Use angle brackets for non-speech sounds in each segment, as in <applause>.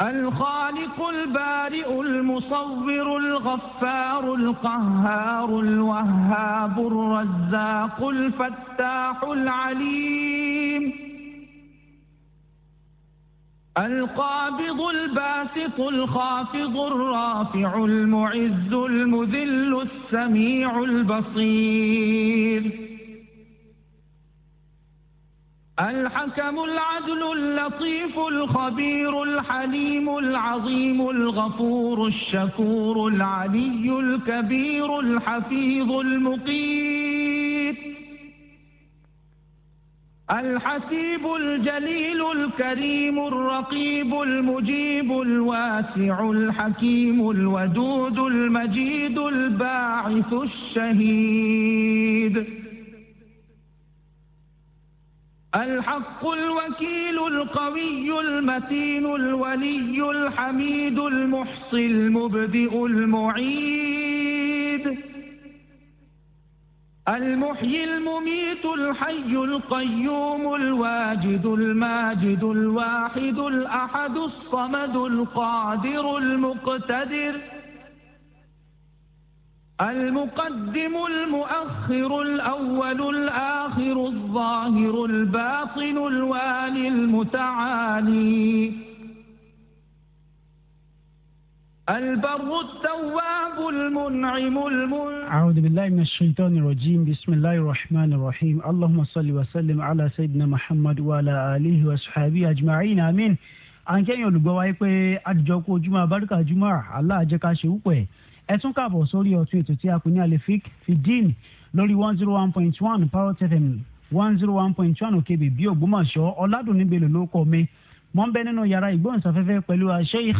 الخالق البارئ المصور الغفار القهار الوهاب الرزاق الفتاح العليم القابض الباسط الخافض الرافع المعز المذل السميع البصير الحكم العدل اللطيف الخبير الحليم العظيم الغفور الشكور العلي الكبير الحفيظ المقيت الحسيب الجليل الكريم الرقيب المجيب الواسع الحكيم الودود المجيد الباعث الشهيد الحق الوكيل القوي المتين الولي الحميد المحصي المبدئ المعيد المحيي المميت الحي القيوم الواجد الماجد الواحد الأحد الصمد القادر المقتدر المقدم المؤخر الأول الآخر الظاهر الباطن الوالي المتعالي البر التواب المنعم المنعم أعوذ بالله من الشيطان الرجيم بسم الله الرحمن الرحيم اللهم صل وسلم على سيدنا محمد وعلى آله وصحبه أجمعين آمين àǹkẹ́yìn olùgbọ́ wáyé pé àdìjọ́ kó ojúmọ́ abáríkà jùmọ̀ aláàjẹká ẹ tún kàbọ̀ sórí ọ̀tún ètò tí a pè ní alefik fidin lórí one zero one point one parrot fm one zero one point one òkèbè bí ògbómọ̀ṣọ́ ọ̀làdùnníbelò ló kọ́ mi mọ́ ń bẹ nínú yàrá ìgbóhùnsáfẹ́fẹ́ pẹ̀lú sheikh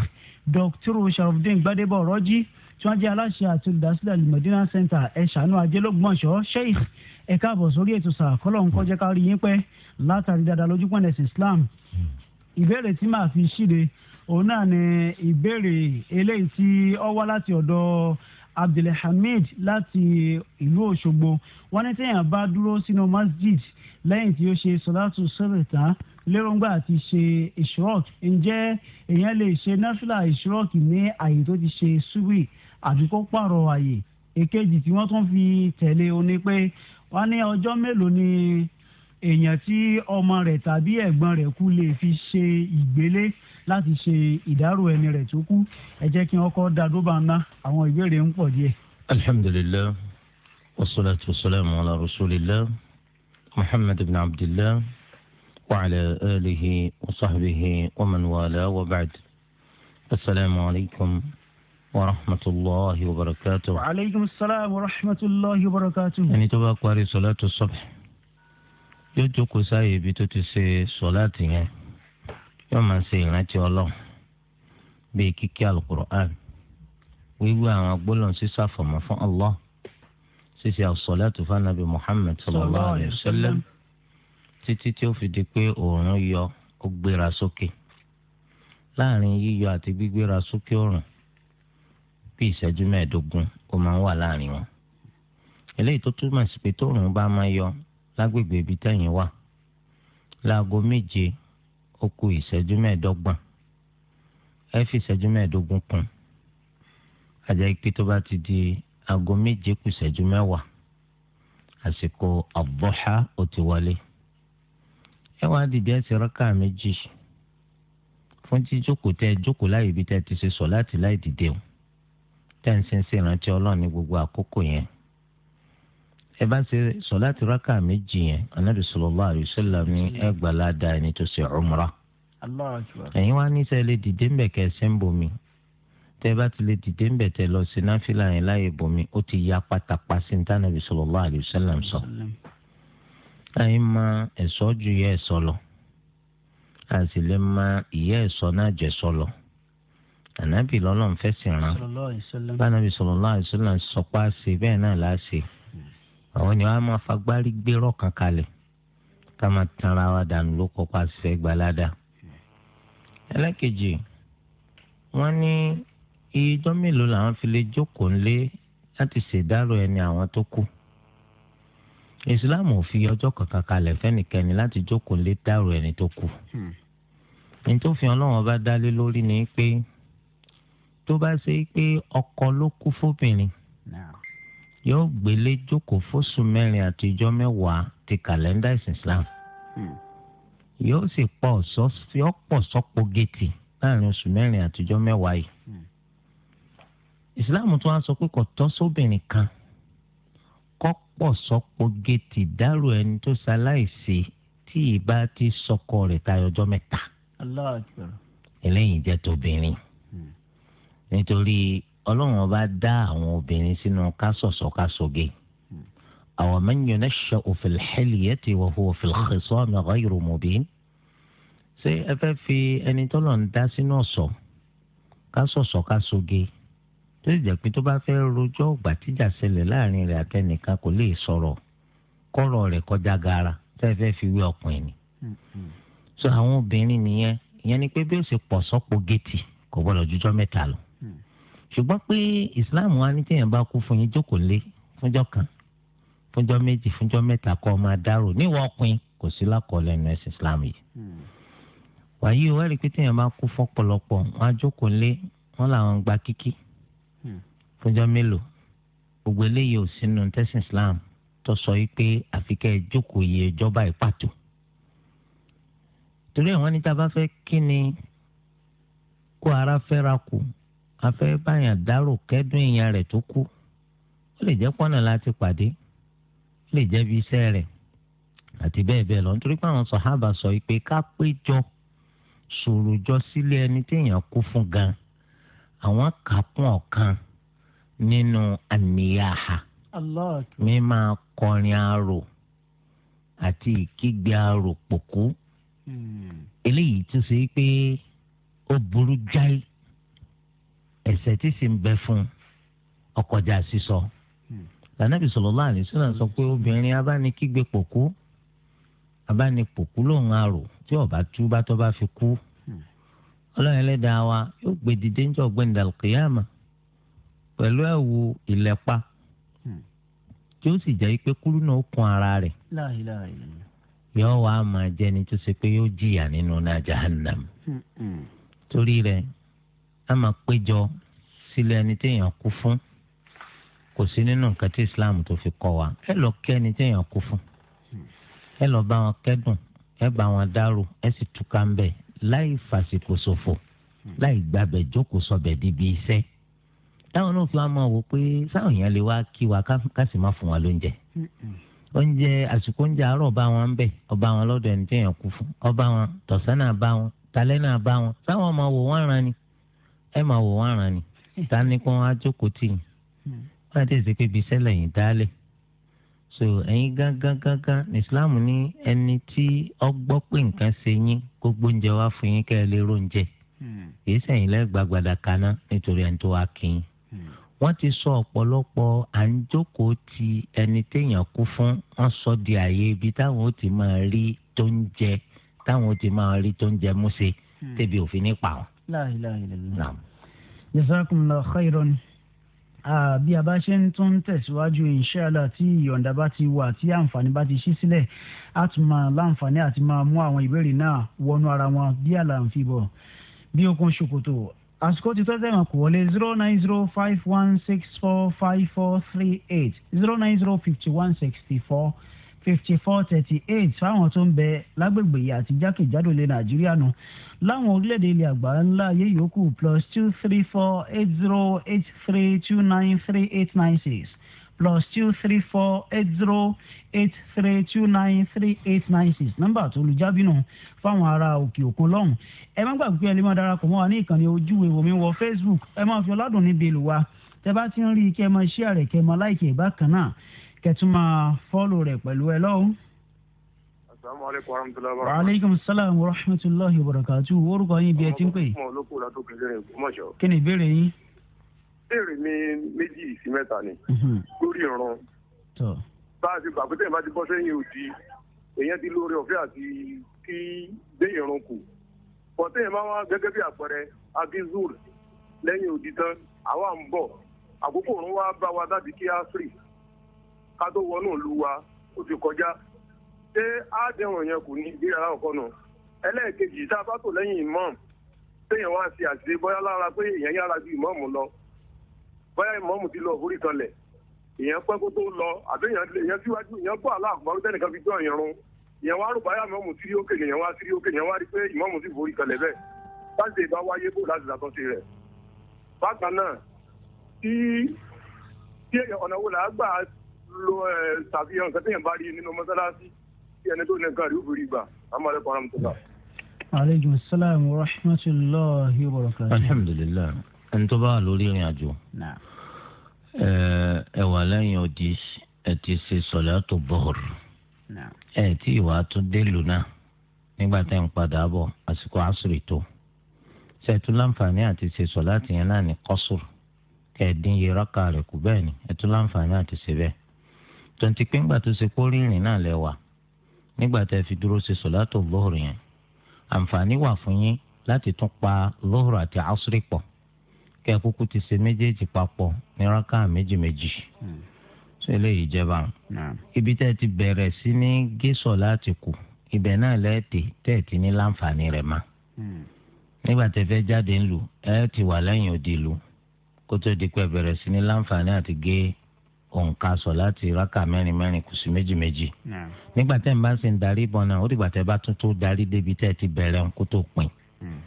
dr sharafdin gbadebo ọ̀rọ́jì tí wọ́n jẹ́ aláṣẹ àti olùdásílẹ̀ alimọ̀dínà center ẹ̀ṣánú ajẹ́lógbọ̀nsọ̀ sheikh ẹ káàbọ̀ sórí ètò sàkọ́lọ̀ ń kọjá kárí yín pẹ́ látàrí dáadáa lójúpọ̀n islam ìbéèrè tí màá fi ṣíde òun náà ni ìbéèrè eléyìí tí ó wá láti ọ̀dọ̀ abdulhamid láti ìlú òṣogbo wọn ní téèyàn bá dúró sínú masjid lẹ́yìn tí ó ṣe sọ́dátù sọ́rẹ̀ tán lérògbà àti ṣe ìṣúrọ̀kì ǹjẹ́ èèyàn lè ṣe náfìlà ìṣúrọ̀kì ní àyè tó ti ṣe ṣúwì àbí kó pààrọ̀ àyè èkejì tí wọ́n tún fi tẹ̀lé o ní pé wọ́n ní ọjọ́ mélòó ni èèyàn tí ọmọ rẹ̀ tàbí ẹ̀gbọ́n rẹ̀ kú lè fi ṣe ìgbélé láti ṣe ìdárò ẹni rẹ̀ tó kú ẹ jẹ́ kí wọ́n kọ́ dadóbà ńlá àwọn ìbéèrè ń pọ̀ díẹ̀. alhamdulilayi wasalaatu wasalaamu ala rasulillah muhammad ibn abdillah wa ala alihi wa sahbihi wa man wala wa ba'd asalaamu alaykum wa rahmatulahi wa barakatu. wa aleykum salaam wa rahmatulahi wa barakatu. ẹni tó bá parí sọlá tó sọ̀bẹ̀ yóò jókòó sáyé ibi tó ti ṣe sọlá tìyẹn yóò máa ṣe ìrántí ọlọ́run bíi kíkí alukur'an wíwí àwọn agbólọ́n sísọ àfọ̀mọ́ fún allah ṣíṣe àṣọlẹ́tù fanabi muhammed sallallahu alayhi wa sallam títí tí ó fi di pé òòrùn yọ ó gbéra sókè láàrin yíyọ àti gbígbéra sókè òòrùn bí ìṣẹ́jú mẹ́ẹ̀ẹ́dógún ó máa ń wà láàrin wọn eléyìí tó túmọ̀ sí pé tóòrùn bá máa yọ lágbègbè ibi tẹ́yìn wà láago méje ó kù ìṣẹ́jú mẹ́ẹ̀ẹ́dọ́gbọ̀n ẹ fi ìṣẹ́jú mẹ́ẹ̀ẹ́dógún kún àjẹ́ ipe tó bá ti di aago méje kù ìṣẹ́jú mẹ́wàá àsìkò àbọ̀ṣá ó ti wọlé ẹ wá dìde ẹ ṣe rákà méjì fún tí jókòó tẹ jókòó láyé ibi tẹ ti ṣe sọ láti láì dìde o tẹ́ ń ṣe ń ṣèrántí ọlọ́run ní gbogbo àkókò yẹn ẹ bá ṣe sọláàtì rákà méjì yẹn anabi sallallahu alaihi wasallam ní ẹgbàlá da ẹni tó ṣe umrah. ẹ̀yin wá níṣẹ́ lè dìde ń bẹ̀ kẹ́ ẹ ṣe ń bomi tẹ́ bá ti lè dìde ń bẹ̀ tẹ́ lọ sí náfìlà yẹn láyè bomi ó ti ya pátápá sí ní tànàbí sallallahu alaihi sọ. ẹ̀yin máa ẹ̀sọ́ ju ìyá ẹ̀sọ́ lọ a sì lè máa ìyá ẹ̀sọ́ náà jẹ̀sọ́ lọ ànábì lọ́lọ́run fẹ́ sí ran bá àwọn ni wọn á máa fagbárí gbérò kan kalẹ̀ ká máa tanra wa dànù ló kọpa ṣe gbalada. ẹlẹ́kejì wọ́n ní iye ọjọ́ mélòó làwọn fi lè jókòó ńlé láti ṣèdárò ẹni àwọn tó kù. ìsìláàmù ò fi ọjọ́ kankan kalẹ̀ fẹ́nìkẹ́ni láti jókòó ńlé dárò ẹni tó kù. Hmm. ní tó fi ọlọ́wọ́n bá dálé lórí ni pé tó bá ṣe pé ọkọ ló kú fóbìnrin yóò gbélé jókòó fóṣù mẹ́rin àti ọjọ́ mẹ́wàá ti kàlẹ́ndà ìsìn islam hmm. yóò sì pọ̀ sọ́pọ̀ sọ́pọ̀ géètì láàrin oṣù mẹ́rin àti ọjọ́ mẹ́wàá yìí hmm. islam tún á sọ pé kò tọ́ sóbìnrin kan kọ́ pọ̀ sọ́pọ̀ géètì dárò ẹni tó ṣaláìsí tí ìbá ti sọkọ rẹ̀ tayọ ọjọ́ mẹ́ta eléyìí jẹ́ tóbìnrin hmm. nítorí ọlọ́run ọba dá àwọn obìnrin sínú kásọ̀sọ̀ kásọ̀gé àwọn mẹ́yìn náà ṣe òfin xẹ́lìyẹ́ ti wọ̀ fún òfin xẹ́sọ́ ọ̀nà ọ̀yọ̀rọ̀ mọ̀bí. ṣé ẹ fẹ́ fi ẹni tọ́lọ̀ ń dá sínú ọ̀sọ̀ kásọ̀sọ̀ kásọ̀gé tó sì jẹ́ pé tó bá fẹ́ rojọ́ ọ̀gbà tíjà ṣẹlẹ̀ láàrin rẹ̀ àtẹnìkan kò lè sọ̀rọ̀ kọ́rọ̀ rẹ̀ kọjá gara tẹ́ fẹ́ fi wé ọkùnrin ni. Hmm, hmm. so àwọn obìnrin nìyẹn ìyẹn ni pé bí ó ṣe pọ̀ sọ́pọ̀ géètì kò gbọ́dọ̀ jújọ́ mẹ́ta lọ ṣùgbọ́n pé islam wa ní téèyàn bá kú fún yín jókòó lé fúnjọ́ kan fúnjọ́ méjì fúnjọ́ mẹ́ta kọ́ ọ máa dárò níwọ̀ ọkùnrin kò sí lákọọ́lẹ̀ nù ẹ̀sìn islam yìí. Hmm. wàyí o wẹ́rì pé téèyàn bá kú fọ́pọ̀lọpọ̀ wọn á jókòó lé wọn làwọn gba kíkí hmm. fúnjọ́ mélòó gbogbo eléyìí ò sínú tẹ̀sìn islam tó sọ yìí pé àfikẹ́ jókòó yìí ìjọba ni kó ara afẹ́ báyàn dárò kẹ́dùn èèyàn rẹ̀ tó kú ó lè jẹ́ pọ́nà láti pàdé ó lè jẹ́ bí iṣẹ́ rẹ̀ àti bẹ́ẹ̀ bẹ́ẹ̀ lọ nítorí pé àwọn sọ̀hábà sọ pé ká péjọ sọ̀rọ̀ jọ sílé ẹni téèyàn kú fún gan àwọn kà kún ọ̀kan nínú àníyàhà mi máa arò àti ìkígbe arò pòkú hmm. eléyìí tún ṣe pé ó burú jáì ẹ̀ṣẹ̀ tí sì ń bẹ fún ọkọjà sísọ hmm. lànàbì sallallahu alaihi wasallam sọ pé obìnrin abánikígbe pòkú abánipòkú lòun àrò tí ó tú bá tó bá fi kú hmm. ọlọ́run ẹlẹ́dàá wa yóò gbé dìde níjọ́ ọ̀gbẹ́ni dàlùkìyàmà pẹ̀lú ẹ̀wù ìlẹ́pa hmm. tí ó sì jẹ́ pé kúrú náà kún ara rẹ̀ yóò wá máa jẹ́ni tó ṣe pé yóò jìyà nínú jahannam torí rẹ̀ a máa péjọ sílé ẹni téèyàn kú fún kò sí nínú nǹkan tí islam tó fi kọ́ wa ẹ lọ kí ẹni téèyàn kú fún ẹ lọ bá wọn kẹ́dùn ẹ bá wọn dárò ẹ sì túká ń bẹ láì fàsìkò ṣòfò láì gbàbẹ jókòó sọbẹ díbi iṣẹ́ táwọn náà fi wá máa wò pé sáwọn èèyàn lè wá kí wa ká sì má fún wa lóúnjẹ oúnjẹ àsìkò oúnjẹ àárọ̀ bá wọn ń bẹ ọba wọn lọ́dọ̀ ẹni téèyàn kú fún ọba wọn tọ̀sán náà bá wọn talẹ́ náà bá wọn sáwọn ọmọ wò wọ́n ran ni ẹ máa wò wọ́n àràn ni <laughs> ta ni kí wọ́n á jókòó tì yín hmm. wọ́n á tẹ̀sí pé ibi iṣẹ́ lẹ́yìn so ẹ̀yin gángan gángan ní islam ní ẹni tí ọ gbọ́ pé nǹkan ṣe yín kó gbóúnjẹ wá fún yín kẹ́ ẹ lè róúnjẹ hmm. kìí sẹ́yìn lẹ́gbàgbàdà kaná nítorí ẹni tó wá kí yín hmm. wọ́n ti sọ ọ̀pọ̀lọpọ̀ à ń jókòó ti ẹni téèyàn kú fún wọ́n sọ di àyè ibi táwọn ó ti máa rí tó ń jẹ táwọn ó ti máa rí tó ń jẹ múṣe tẹ̀bi òfin nípa wọn la ilaha illallah. jazakumullahu khairan bí a bá ṣe ń tún tẹ̀síwájú inshallah tí ìyọ̀ǹda bá ti wà tí àǹfààní bá ti ṣí sílẹ̀ á tún máa láǹfààní àti máa mú àwọn ìbéèrè náà wọnú ara wọn bí àlàǹfì bọ̀ bí okun ṣòkòtò àsìkò ti tọ́jú ẹ̀wọ̀n kò wọlé zero nine zero five one six four five four three eight zero nine zero fifty one sixty four. 5438. four thirty eight fáwọn tó ń bẹ lágbègbè yìí àti jákèjádò ilẹ̀ nàìjíríà nù láwọn orílẹ̀-èdè ilẹ̀ àgbáńlá ńlá ayé yòókù plus two three four eight zero eight three two nine three eight nine six plus two three four eight zero eight three two nine three eight nine six nọ́mbà tó lu jábínú fáwọn ará òkè òkun lọ́hùn ẹ má gbàgbé ẹ lè máa darapọ̀ mọ́ wa ní ìkànnì ojú ìwò mi wọ facebook ẹ máa fi ọládùn níbi ìlú wa tẹ bá ti ń rí i kí ẹ máa ṣí àrẹ̀ kí ẹ máa láìkì ẹ̀ bákan náà kẹtù máa fọ́ọ̀lù rẹ̀ pẹ̀lú ẹ lọ́wọ́. asalaamualeykum wa rahmatulahi wa barakatuh. waaleykum salaam wa rahmatulahi wa barakatuh. orúkọ yín bí ẹ ti ń pè. ọmọ olóko la tó kẹlẹ rẹ gbọmọṣọ. kí ni ìbéèrè yín. ìbéèrè mi méjì sí mẹ́ta ni. Mhm. lórí ìran. bá a ti gbà pé tẹ̀yìn bá ti bọ́ sẹ́yìn òdi èèyàn ti lóore ọ̀fẹ́ àti kí dé ìran kù. bọ́ tẹ̀yìn máa wá gẹ́gẹ́ bí àpẹẹrẹ abizur lẹ́yìn òdi tán àwa ń bọ̀ àkókò òrùn wa bá wa láti kí áfírí ká tó wọnú ìlú wa ó ti kọjá ṣé àádẹ́wọ̀n yẹn kò ní ìgbéra ọkọ náà ẹlẹ́ẹ̀kejì tá a bá tò lẹ́yìn imọ́m téèyàn wá sí àṣìṣe bóyá lára pé èèyàn yára ju imọ́ọ̀mù lọ bóyá imọ́ọ̀mù ti lọ orí kanlẹ̀ èèyàn pẹ́ kó tó lọ àbí èèyàn síwájú èèyàn bọ́ àlọ́ àkùbárú tẹ́nìkan fi jọ ìrun èèyàn wá rògbà yà mọ́ọ̀mù sírí òkè èèyàn wá sírí òkè èèyàn wá rí pé imọ́ọ̀mù ti forí kanlẹ̀ bẹ́ẹ̀ láti ìbá wáyé bò láti ìdàtọ́sí rẹ̀ bákan náà tí ọ̀nà ló ṣàfihàn nǹkan téèyàn bá rí nínú mọ́sálásí tí ẹni tó ní nǹkan rí òbí rí gbà àmàlẹ́ kọ́ ọ́nàmù tó bá. aleykum salaam wa rahmatulahi wa barakatuh. alhamdulilayi ẹni tó bá wà lórí ìrìn àjò ẹ wà lẹ́yìn odi ẹ ti ṣe sọ̀látù bọ́ọ̀r ẹ tí ìwà tó dé lùnà nígbà tẹ́ ń padà bọ̀ àsìkò àṣírí tó ṣètò láǹfààní àti ṣe sọ̀látù yẹn náà ní kọ́sùrù kẹ́ẹ̀dín yẹra kárẹ̀ kù bẹ́ẹ̀ ni ẹ láǹfààní àti ṣe bẹ́ẹ̀ tonti pé ńgbà tó ṣe kó rìnrìn náà lẹ́wà nígbà tẹ́ fi dúró ṣe sọ̀látò lóhùrù yẹn àǹfààní wà fún yín láti tún pa lóhùrù àti àṣírí pọ̀ kẹ́ ẹ kúkú ti ṣe méjèèjì papọ̀ ní rákà méjì méjì hmm. ṣé eléyìí jẹba ibi tẹ́ ti bẹ̀rẹ̀ sí ní gé sọ̀láàtì kù ibẹ̀ náà lẹ́ẹ̀tẹ̀ tẹ́ ti ní láǹfààní rẹ̀ ma hmm. nígbà tẹ́ fẹ́ jáde ńlù ẹ ti wà lẹ́yìn òdì ìlú kó tó bẹ̀rẹ̀ sí ní láǹfààní àti gé òǹkà sọ láti rákà mẹ́rin mẹ́rin kù sí méjì méjì. nígbà tẹ́ ń bá ń sin darí ìbọn náà ó dìgbà tẹ́ bá tún tó darí débi tẹ́ ti bẹ̀rẹ̀ ń kó tó pin. Hmm.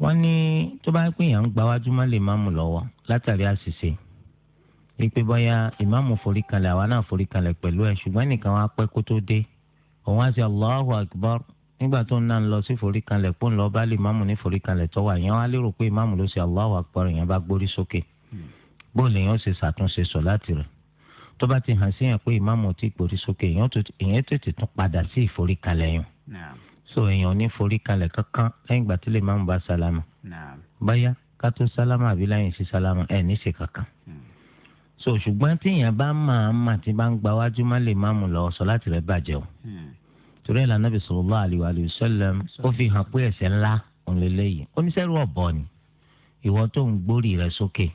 wọ́n ní tó bá pín yàn ń gba wájú má lè máàmù lọ́wọ́ látàrí àṣìṣe wípé bóyá ìmáàmù forí kalẹ̀ àwa náà forí kalẹ̀ pẹ̀lú ẹ̀ ṣùgbọ́n nìkan wá pẹ́ kó tó dé òun á ṣe Allahu Akbar nígbà tó ń náà lọ sí forí kalẹ̀ pọ́n lọ bá lè máàmù ní forí kalẹ̀ tọ́wọ́ àyàn á lérò pé ìmáàmù ló ṣe Allahu Akbar yẹn bá gbórí sókè hmm. bóòlù yẹn ó ṣe ṣàtúnṣe sọ láti rẹ̀ tó bá ti hàn sí yàn pé ìmáàmù ti gbòrí sókè èèyàn tètè tún padà sí ìforíkalẹ̀ yàn so èèyàn ní foríkalẹ̀ kankan lẹ́yìn ìgbà tí lè máàmù bá sálámà báyà ká tó sálámà àbí láyìn sí sálámà ẹ̀ ní ṣe kankan hmm. so ṣùgbọ́n téèyàn bá máa mà tí bá ń gba wájú má lè máàmù lọ sọ láti rẹ̀ bàjẹ́ o hmm. torí ẹ̀ lànà bí sallallahu alaihi wa sallam ó fi hàn pé ẹ̀ṣẹ̀ ńlá òun lélẹ́yìí oníṣẹ́rù ni ìwọ tó ń gbórí rẹ̀ sókè. So,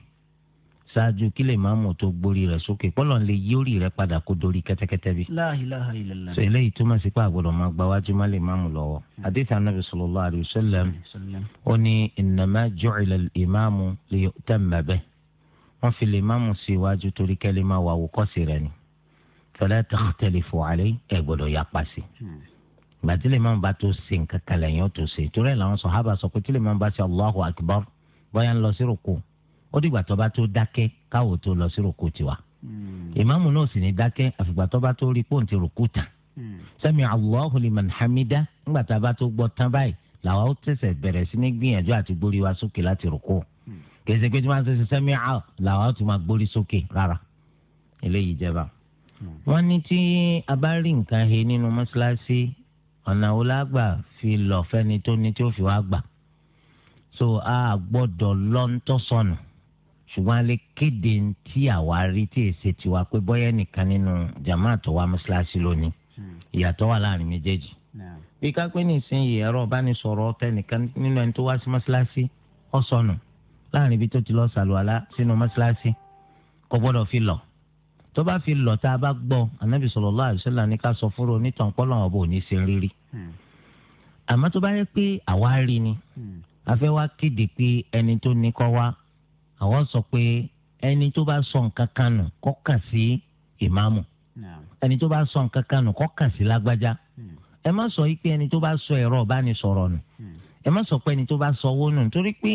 ṣáájú kí lè máa mọ̀ tó gbórí rẹ̀ sókè pọ́lọ̀ ń lè yí orí rẹ̀ padà kó dorí kẹ́tẹ́kẹ́tẹ́ bí. la ilaha illallah. sọ eléyìí túmọ̀ sí pé àgbọ̀dọ̀ máa gba wájú má lè máa mú lọ́wọ́. Hmm. àdìsí anábì sallallahu alayhi wa sallam ó ní innama ju'ila al-imamu liyu'tamma bihi wọ́n fi lè máa mú sí iwájú torí kẹ́lẹ́ máa wà wòkọ́sì rẹ̀ ni fala takhtalifu alayhi ẹ̀ gbọ́dọ̀ yapa sí hmm. gbàtí lè máa bá tó ó dìgbà tó bá tó dákẹ́ káwọ́ tó lọ sí ròkú tiwa hmm. ìmáàmù náà sì ní dákẹ́ àfìgbà tó bá tó rí pọ́ùn ti ròkú tán hmm. sami allahu liman hamida ńgbà tá a bá tó gbọ́ tán báyìí làwa ó tẹ̀sẹ̀ bẹ̀rẹ̀ sí ní gbìyànjú àti gbórí wa sókè láti ròkú hmm. kèsì pé tí wọ́n ṣe sami al làwa ó ti máa gbórí sókè rárá eléyìí jẹba. wọ́n ní tí a bá rí nǹkan he nínú mọ́ṣáláṣí ọ̀nà wo fi lọ fẹ́ni tó ní tí ó fi wá gbà so a gbọ́dọ̀ lọ́ńtọ́ So, ṣùgbọ́n a lè kéde tí àwa rí tí èsè tiwa pé bọ́yá nìkan nínú jàmáà wa wá mọ́ṣáláṣí lónìí hmm. ìyàtọ̀ wà láàrin méjèèjì. bí kápẹ́ nìsinyìí ẹ̀rọ ìbánisọ̀rọ̀ tẹnìkan nínú ẹni tó wá sí mọ́ṣáláṣí ó sọnù láàrin ibi tó ti lọ sàlùwàlá sínú mọ́ṣáláṣí kò gbọ́dọ̀ fi lọ. tó bá fi lọ tá a bá gbọ́ anábì sallallahu alaihi ní ká sọ fúnra hmm. ni hmm. a fẹ́ wá kéde ẹni tó ní kọ́ wá àwọn sọ pé ẹni tó bá sọ nǹkan kan nù kó kàn sí ìmáàmù ẹni tó bá sọ nǹkan kan nù kó kàn sí lágbájá hmm. ẹ má sọ yìí pé ẹni tó bá sọ ẹ̀rọ ìbánisọ̀rọ̀ nù hmm. ẹ má sọ pé ẹni tó bá sọ owó nù torí pé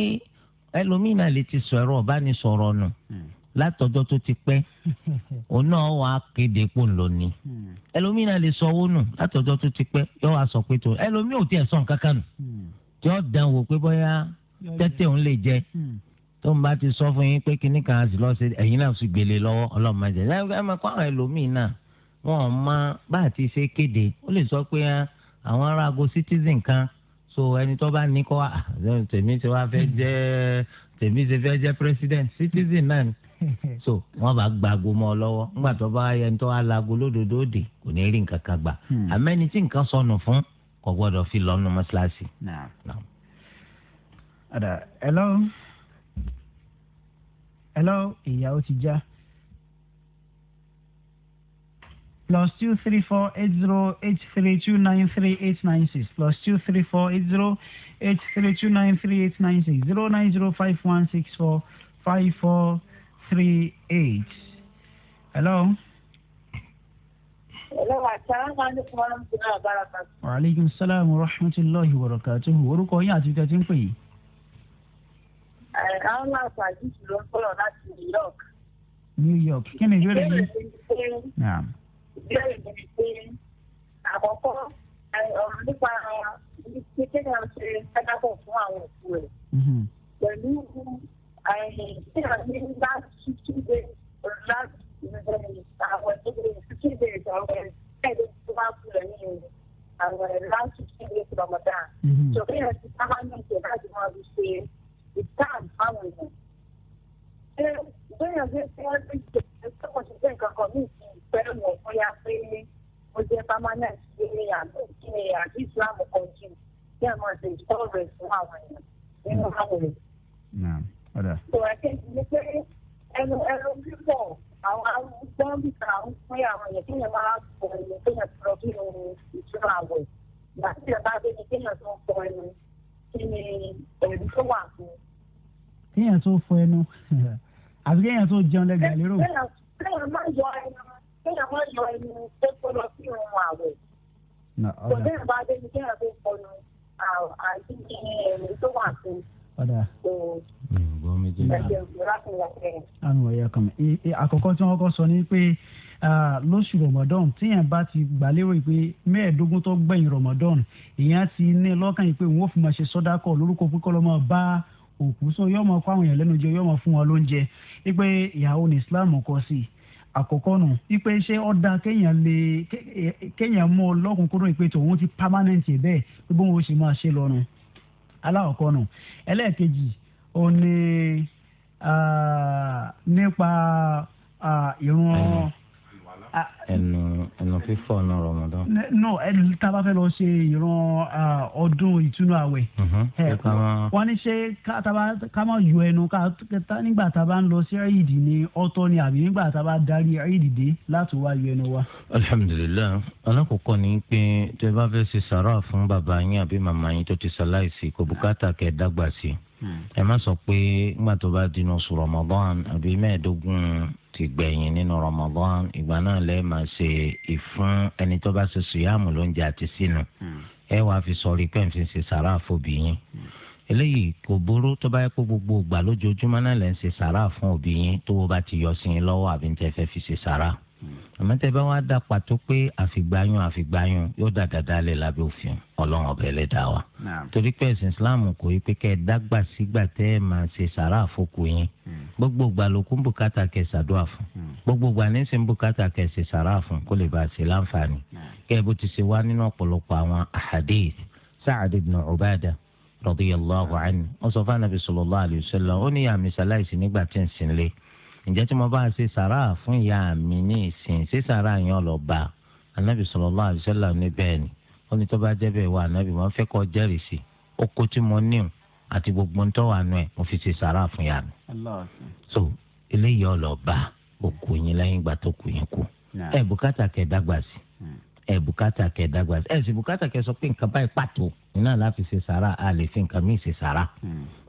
ẹlòmínà lè ti sọ ẹ̀rọ ìbánisọ̀rọ̀ nù hmm. látọjọ́ tó ti pẹ́ <laughs> òun náà wà á kéde pò ń lò ní ẹlòmínà lè sọ owó nù látọjọ́ tó ti pẹ́ yọ wá sọ pé tó ẹlòmí ò tiẹ̀ sọ nǹkan kan tí ó dán wò pé bóyá tẹ́tẹ́ òun lè jẹ tó ń bá ti sọ fún yín pé kíní kan sì lọ ṣe ẹ̀yin náà sì gbélé lọ́wọ́ ọlọ́run máa jẹ ẹ máa kó àwọn ẹlòmíín náà wọn ò mọ bá àti ṣe kéde ó lè sọ pé ah, àwọn ará citizen kan so ẹni tó bá ní kọ́ ah, tèmi ti wá fẹ́ jẹ́ tèmi ti fẹ́ jẹ́ president citizen náà ni <laughs> so wọn bá gbàgbó mọ́ ọ lọ́wọ́ nígbà tó bá yẹ ní tó wá lago lódodo òde kò ní rí nǹkan kan gbà hmm. àmẹ́ni tí nǹkan sọnù fún kò gbọ́dọ̀ fi lọ́nu mọ́ṣáláṣí. ẹ lọ́rùn hello ìyá ó ti já plus two three four eight zero eight three two nine three eight nine six plus two three four eight zero eight three two nine three eight nine six zero nine zero five one six four five four three eight. hello. Hello, waaleykum salaam wa rahmatulahi wa barakatuhu orúkọ yín àti ìtẹ̀tí ń pè yìí. New York. New York kí ni ìbéèrè yìí? ìbéèrè mi ni pé àkọ́kọ́ ọ̀rọ̀ nípa kékeré ṣe sẹ́dábọ̀ fún àwọn òkú ìtàn fáwọn èèyàn ṣé bẹ́ẹ̀ ṣe ṣe wọ́n ti ṣe tó kò sí pé nǹkan kan ní ìsìn ìfẹ́ wọn bóyá pé ó jẹ́ permanent ṣe ní àbí kí ni àbí Islam kọjú kí a máa ṣe ìtọ́rẹ̀ fún àwọn èèyàn nínú àwọn èèyàn. tó ẹ̀kejì ni pé ẹnu ẹnu pípọ̀ àwọn arúgbó ń bìtà ń pín àwọn èèyàn kéèyàn máa pọ̀ ẹnu kéèyàn tó lọ bí ohun ìtura àwẹ̀ ìgbà tí ìjọba bá dé ni kéèyàn tó ń pọ̀ ẹnu kí ni ẹ̀rí tó wà fún un kéèyàn tó fọ ẹnu àti kéèyàn tó jẹun lẹ́gbẹ̀ẹ́ lérò. kéèyàn máa yọ ẹnu kéèyàn máa yọ ẹnu pé kó lọ sí ohun àwẹ̀. kò dé ìbá dé ní kéèyàn tó fọnu àti ẹni tó wà fún. Àwọn ọ̀yà àkọ́kọ́ tí wọ́n kọ́ sọ ni pé lóṣù Ramadan tíyẹn bá ti gbàlérò pé mẹ́ẹ̀ẹ́dógún tó gbẹ̀yìn Ramadan ìyẹn ti ní lọ́kàn yìí pé òun ò fi máa ṣe sọ́dákọ̀ lórúkọ pé kọ́ lọ́ máa òkú so yóò máa kó àwọn èèyàn lẹ́nu jẹ yóò máa fún wọn lóúnjẹ wípé ìyàwó ní islam kọ sí i àkọ́kọ́ nù wípé ṣé ọ̀dà kéèyàn lè kéèyàn mú ọlọ́kùnkúndùn ìpè tòun ti pámánẹ́ǹtì bẹ́ẹ̀ gbogbo wọn ó sì máa ṣe lọ́nu aláwọ̀kọ́ nù ẹlẹ́ẹ̀kejì ó ní ah, nípa ah, ìrún ọ̀rọ̀. Ah, ẹnu ẹnu fífọ̀ náà rọmọdán. no tá a bá fẹ́ lọ ṣe ìran ọdún ìtúnu àwẹ̀ mhm. wọ́n ní ṣé ká má yọ ẹnu nígbà tá a bá ń lọ sí ẹ̀yìdì ni ọ̀tọ̀ ni àbí nígbà tá a bá darí ẹ̀yìdì dé láti wá yọ ẹnu wa. alhamdulilayi alákòókò ni pé tẹ bá fẹ́ ṣe sàrà fún bàbá yín àbí màmá yín tó ti ṣaláìsí kò bùkátà kẹ́ ẹ dágbà sí i ẹ má sọ pé nígbà tó bá di oṣù Ramadan àbí mẹ́ẹ̀ẹ́dógún ti gbẹ̀yìn nínú Ramadan ìgbà náà lẹ́ẹ̀ máa ṣe ìfún ẹni tó bá ṣe sùyàmù lóúnjẹ àti sínú ẹ wàá fi sọrí pé n fi ṣe sàrà àfọbì yín eléyìí kò burú tó bá yẹ kó gbogbo ìgbà lójoojúmọ́ náà lẹ́ ń ṣe sàrà òbí yín tó bá ti yọ sí yín lọ́wọ́ àbí ń tẹ́ fẹ́ fi ṣe sàrà àmọ́ tẹ́ bá wá dá pàtó pé àfìgbáyún àfìgbáyún yóò dà dáadáa lẹ̀ lábẹ́ òfin ọlọ́run ọbẹ̀ ẹlẹ́dàá wa. torí pé ẹ̀sìn islam kò yí pé kẹ́ ẹ dágbà sígbà tẹ́ ẹ máa ṣe sàrà àfọkù yín hmm. gbogbo ìgbà ló kún bùkátà kẹ́ ẹ ṣàdúrà fún hmm. gbogbo ìgbà ní sin bùkátà kẹ́ ẹ ṣe sàrà fún kó lè bá a ṣe láǹfààní. kẹ́ ẹ bó ti ṣe wá nínú ọ̀pọ̀lọpọ̀ àwọn ahadith Sa'ad ibn Ubadah radiyallahu anhu ó sọ sallallahu sallam ó ní àmì sàláìsì nígbà tí ǹjẹ́ tí mo bá ṣe sàrà fún ìyá mi ní ìsìn ṣé sàrà yẹn lọ bá anabi sallallahu alaihi wasallam ní bẹ́ẹ̀ ni ó ní tó bá jẹ́ bẹ́ẹ̀ wá anabi wọ́n fẹ́ kọ́ jẹ́rìí sí oko tí mo ní o àti gbogbo ń tọ́wọ́ àánú ẹ̀ mo fi ṣe sàrà fún ìyá mi. so eléyìí ọ̀lọ́ bá òkú yín lẹ́yìn ìgbà tó kù yín kú ẹ̀ bùkátà kẹ̀ dàgbà sí ẹ bùkátà kẹ dàgbà hmm. ẹ sì bùkátà kẹ sọ pé nǹkan báyìí pàtó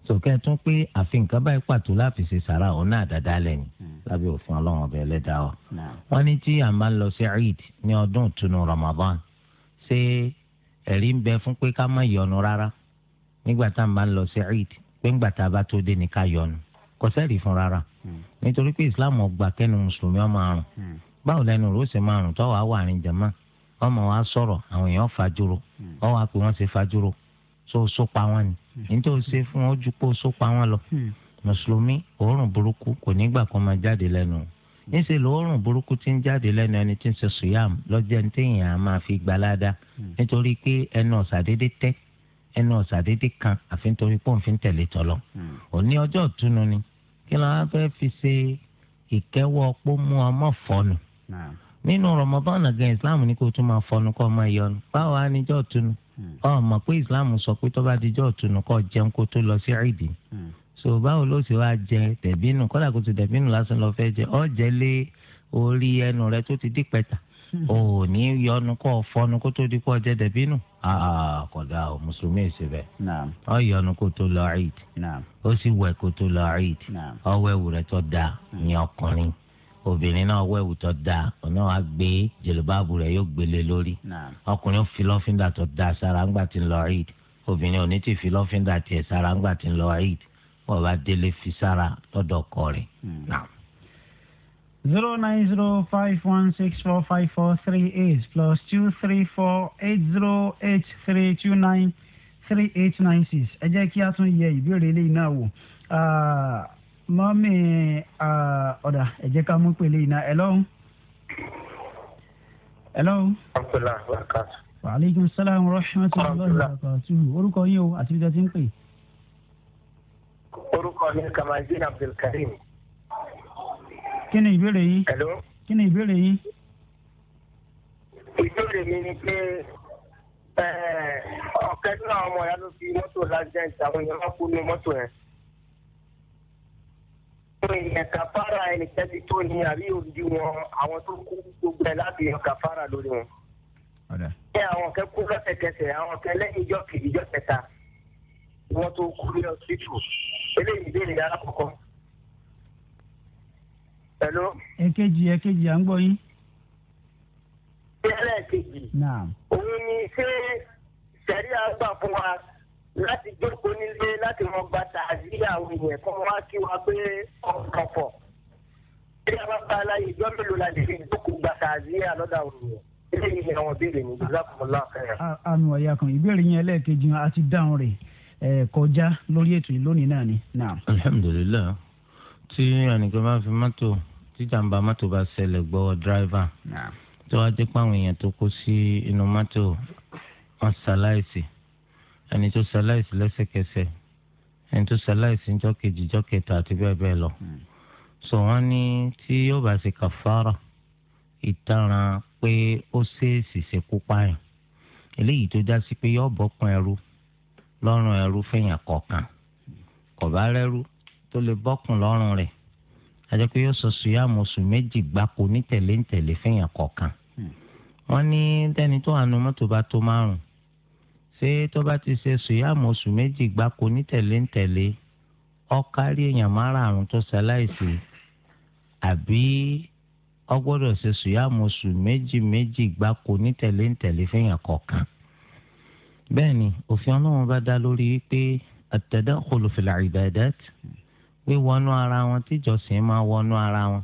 sọkẹ́ tún pé àfi nǹkan báyìí pàtó láti ṣe sàrà òun náà dáadáa lẹ́yìn hmm. lábẹ́ òfin ọlọ́run ọbẹ̀ ẹlẹ́dàá wa. wọ́n ní tí a máa ń lọ sí eid ní ọdún ìtúnu ramadan ṣé ẹ̀rí ń bẹ fún pé ká má yọnu rárá nígbà tá a máa ń lọ sí eid pé ńgbà tá a bá tó dé ní ká yọnu kò sẹ́ẹ̀rì fún rárá hmm. nítorí pé islam ọgbà kẹ́nu mùsùlùmí ọmọ àrùn hmm. báwo lẹ́nu rò ṣe márùn tó wàá wà wa sọ̀rọ̀ àwọn èèyàn fajúro ọ wàá pè wọ́n so sopa nítorí ṣe fún ojú pò sópa wọn lọ hmm. mùsùlùmí òórùn burúkú kò nígbà kan máa jáde lẹ́nu níṣẹ́ lóòórùn burúkú ti ń jáde lẹ́nu ẹni tí ń ṣe sùyàm lọ́jọ́ ní téèyàn á máa fi gbalada hmm. nítorí pé ẹnu ọ̀sàdédé tẹ́ ẹnu ọ̀sàdédé kan àfi nítorí pé òun fi ń tẹ̀lé tọ́lọ̀ hmm. òní ọjọ́ ìtúnu ni kí ló wá fẹ́ fi ṣe ìkẹ́wọ́ pọ́ mú ọmọ fọ́nù nínú Ramadan gan islam ní kò tún máa fọnu kọ máa yọnu báwo á níjọ́ tunu hmm. ọ pé islam sọ pé tó bá dijọ́ tunu kọ jẹun kó tó lọ sí ìdí hmm. so báwo ló sì wá jẹ tẹ̀bínú kódà kó ti tẹ̀bínú lásán lọ fẹ́ jẹ ọ orí ẹnu rẹ tó ti hmm. ò ní yọnu fọnu kó tó di jẹ tẹbínú. mùsùlùmí obìnrin náà wẹ̀wù tó da ọ̀nà wa gbé jèlúbáàbù rẹ̀ yóò gbélé lórí ọkùnrin fi lọ́fíńdà tó da sára ńgbà tí ń lọ eid obìnrin ò ní ti fi lọ́fíńdà tiẹ̀ sára ńgbà tí ń lọ eid wọ́n bá délé fi sára lọ́dọ̀ ọkọ rẹ̀. Hmm. zero nine zero five one six four five four three eight plus two three four eight zero eight three two nine three eight nine six ẹ jẹ́ kí a tún yẹ ìbéèrè eléyìí náà wò. Ah, mọ́mí ọ̀dà ẹ jẹ́ ká mú pèlè iná ẹ lọ́hùn. ẹ lọ́hùn. wa alaikum salaam wa rahmatullahi wa barakatuh orúkọ yín o àti bí ẹ ti ń pè. orúkọ mi ni kamaldeen abdulkareem. kí ni ìbéèrè yín. kí ni ìbéèrè yín. ìbéèrè mi ni pé ọ̀kẹ́ nínú àwọn ọmọ ìyá ló fi mọ́tò lájẹ́ ìtàwọn èèyàn máa kú ní mọ́tò yẹn èèyàn kàfàrà ẹnikẹ́ni tó ní àbí òdiwọ̀n àwọn tó kú gbogbo ẹ̀ láti yan kàfàrà lórí wọn. ṣé àwọn kẹ kú lọ́sẹ̀kẹsẹ̀ àwọn kẹ lẹ́yìn ìjọ kejì ìjọ kẹta wọ́n tó kú ní ọsítù eléyìí ìbéèrè yàrá kọ̀ọ̀kan. ẹ̀ló. èkejì èkejì à ń gbọ́ yín. ṣé ẹlẹ́ẹ̀kejì. òun ni ṣé sẹ́rí àgbà fún wa láti jókòó nílé láti mọ gba tààzí àwọn èèyàn kan wá kí wa pé ọ̀pọ̀pọ̀ bí a bá bá aláyè ìjọ mélòó la lè fi jókòó gba tààzí àlọ́dà òwúrọ̀ ilé yìí ni àwọn béèrè ní ìdúrà àmì ọ̀yà kan ìbéèrè yẹn ẹlẹ́ẹ̀kejì àti dáhùn rẹ̀ kọjá lórí ètò yìí lónìí náà ni. alhamdulilayi tí ẹnìkan bá fi mọ́tò tí jàǹbá mọ́tò bá ṣẹlẹ̀ gbọ́wọ́ dráìvà tó wá dé pàwọn èèyàn tó kó sí inú mọ́tò wọn ṣaláìsì ẹni tó ṣaláìsí lẹ́sẹ̀kẹsẹ̀ ẹni tó ṣaláìsí jọ́ kejì jọ́ kẹta àti bẹ́ẹ̀ bẹ́ẹ̀ lọ. Hmm. sọ wọn ní tí yóò bá ṣe kàfàrà ìtaràn pé ó ṣèèṣì ṣekú pààyàn eléyìí tó já sí pé yóò bọ́kùn ẹrú lọ́rùn ẹrú fẹ̀yàn kọ̀ọ̀kan kọ̀bá rẹ́rú tó lè bọ́kùn lọ́rùn rẹ̀ àjẹ́ pé yóò sọ sùyàmù oṣù méjì gbáko ní tẹ̀léńtẹ̀lé fẹ̀yàn kọ̀ọ̀kan hmm. wọ́n ní tẹ́ni tó àánú mọ́tò bá tó márùn ṣé tó bá ti ṣe sùyàmù oṣù méjì gbáko ní tẹ̀lé ń tẹ̀lé ó kárí èèyàn márààrún tó ṣaláìsí àbí ó gbọ́dọ̀ ṣe sùyàmù oṣù méjì méjì gbáko ní tẹ̀lé ń tẹ̀lé fẹ́yàn kọ̀ọ̀kan. bẹ́ẹ̀ ni òfin ọlọ́run bá dá lórí wípé at-tadakhulu fil ibadat wíwọnú ara wọn tíjọsìn máa wọnú ara wọn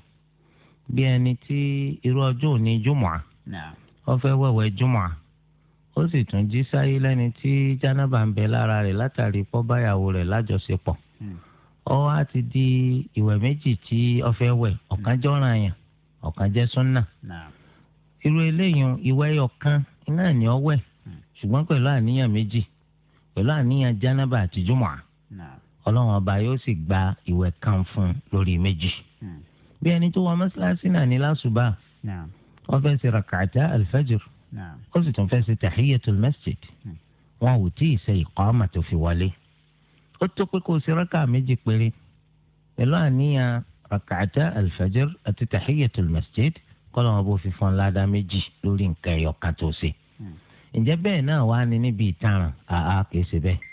bí ẹni tí irú ọjọ́ òní jùmọ̀ à fẹ́ wẹ̀wẹ̀ jùmọ̀ ó sì tún jí sáyé lẹ́ni tí jánábà ń bẹ lára rẹ̀ látàrí pọ́báyàwó rẹ̀ lájọṣepọ̀ hmm. ó wá ti di ìwẹ̀ méjì tí ó fẹ́ wẹ̀ ọ̀kan jọ́ràn yàn ọ̀kan jẹ́ súnà irú eléyìí ìwẹ̀ ọ̀kan náà ni ó wẹ̀ hmm. ṣùgbọ́n pẹ̀lú àníyàn méjì pẹ̀lú àníyàn jánábà àti jùmọ̀à ọlọ́run ọba yóò sì gba ìwẹ̀ kan fún un lórí méjì hmm. bí ẹni tó wọ mọ́ṣáláṣí náà ní lásùbà wọ́n fẹ́ ṣe ràkàtà alfajr ó sì tún fẹ́ ṣe tahiyatul masjid wọn ò tí ì ṣe ìkọ́mà tó fi wọlé ó tó pé kó o ṣe rákà méjì péré pẹ̀lú àníyàn rakata alfajr àti tahiyatul masjid kọ́lọ́ wọn bó fi fọ́n ládàá méjì lórí nǹkan ẹ̀yọ̀ kan tó ṣe ǹjẹ́ bẹ́ẹ̀ náà wá ní níbi ìtaràn àá kìí ṣe bẹ́ẹ̀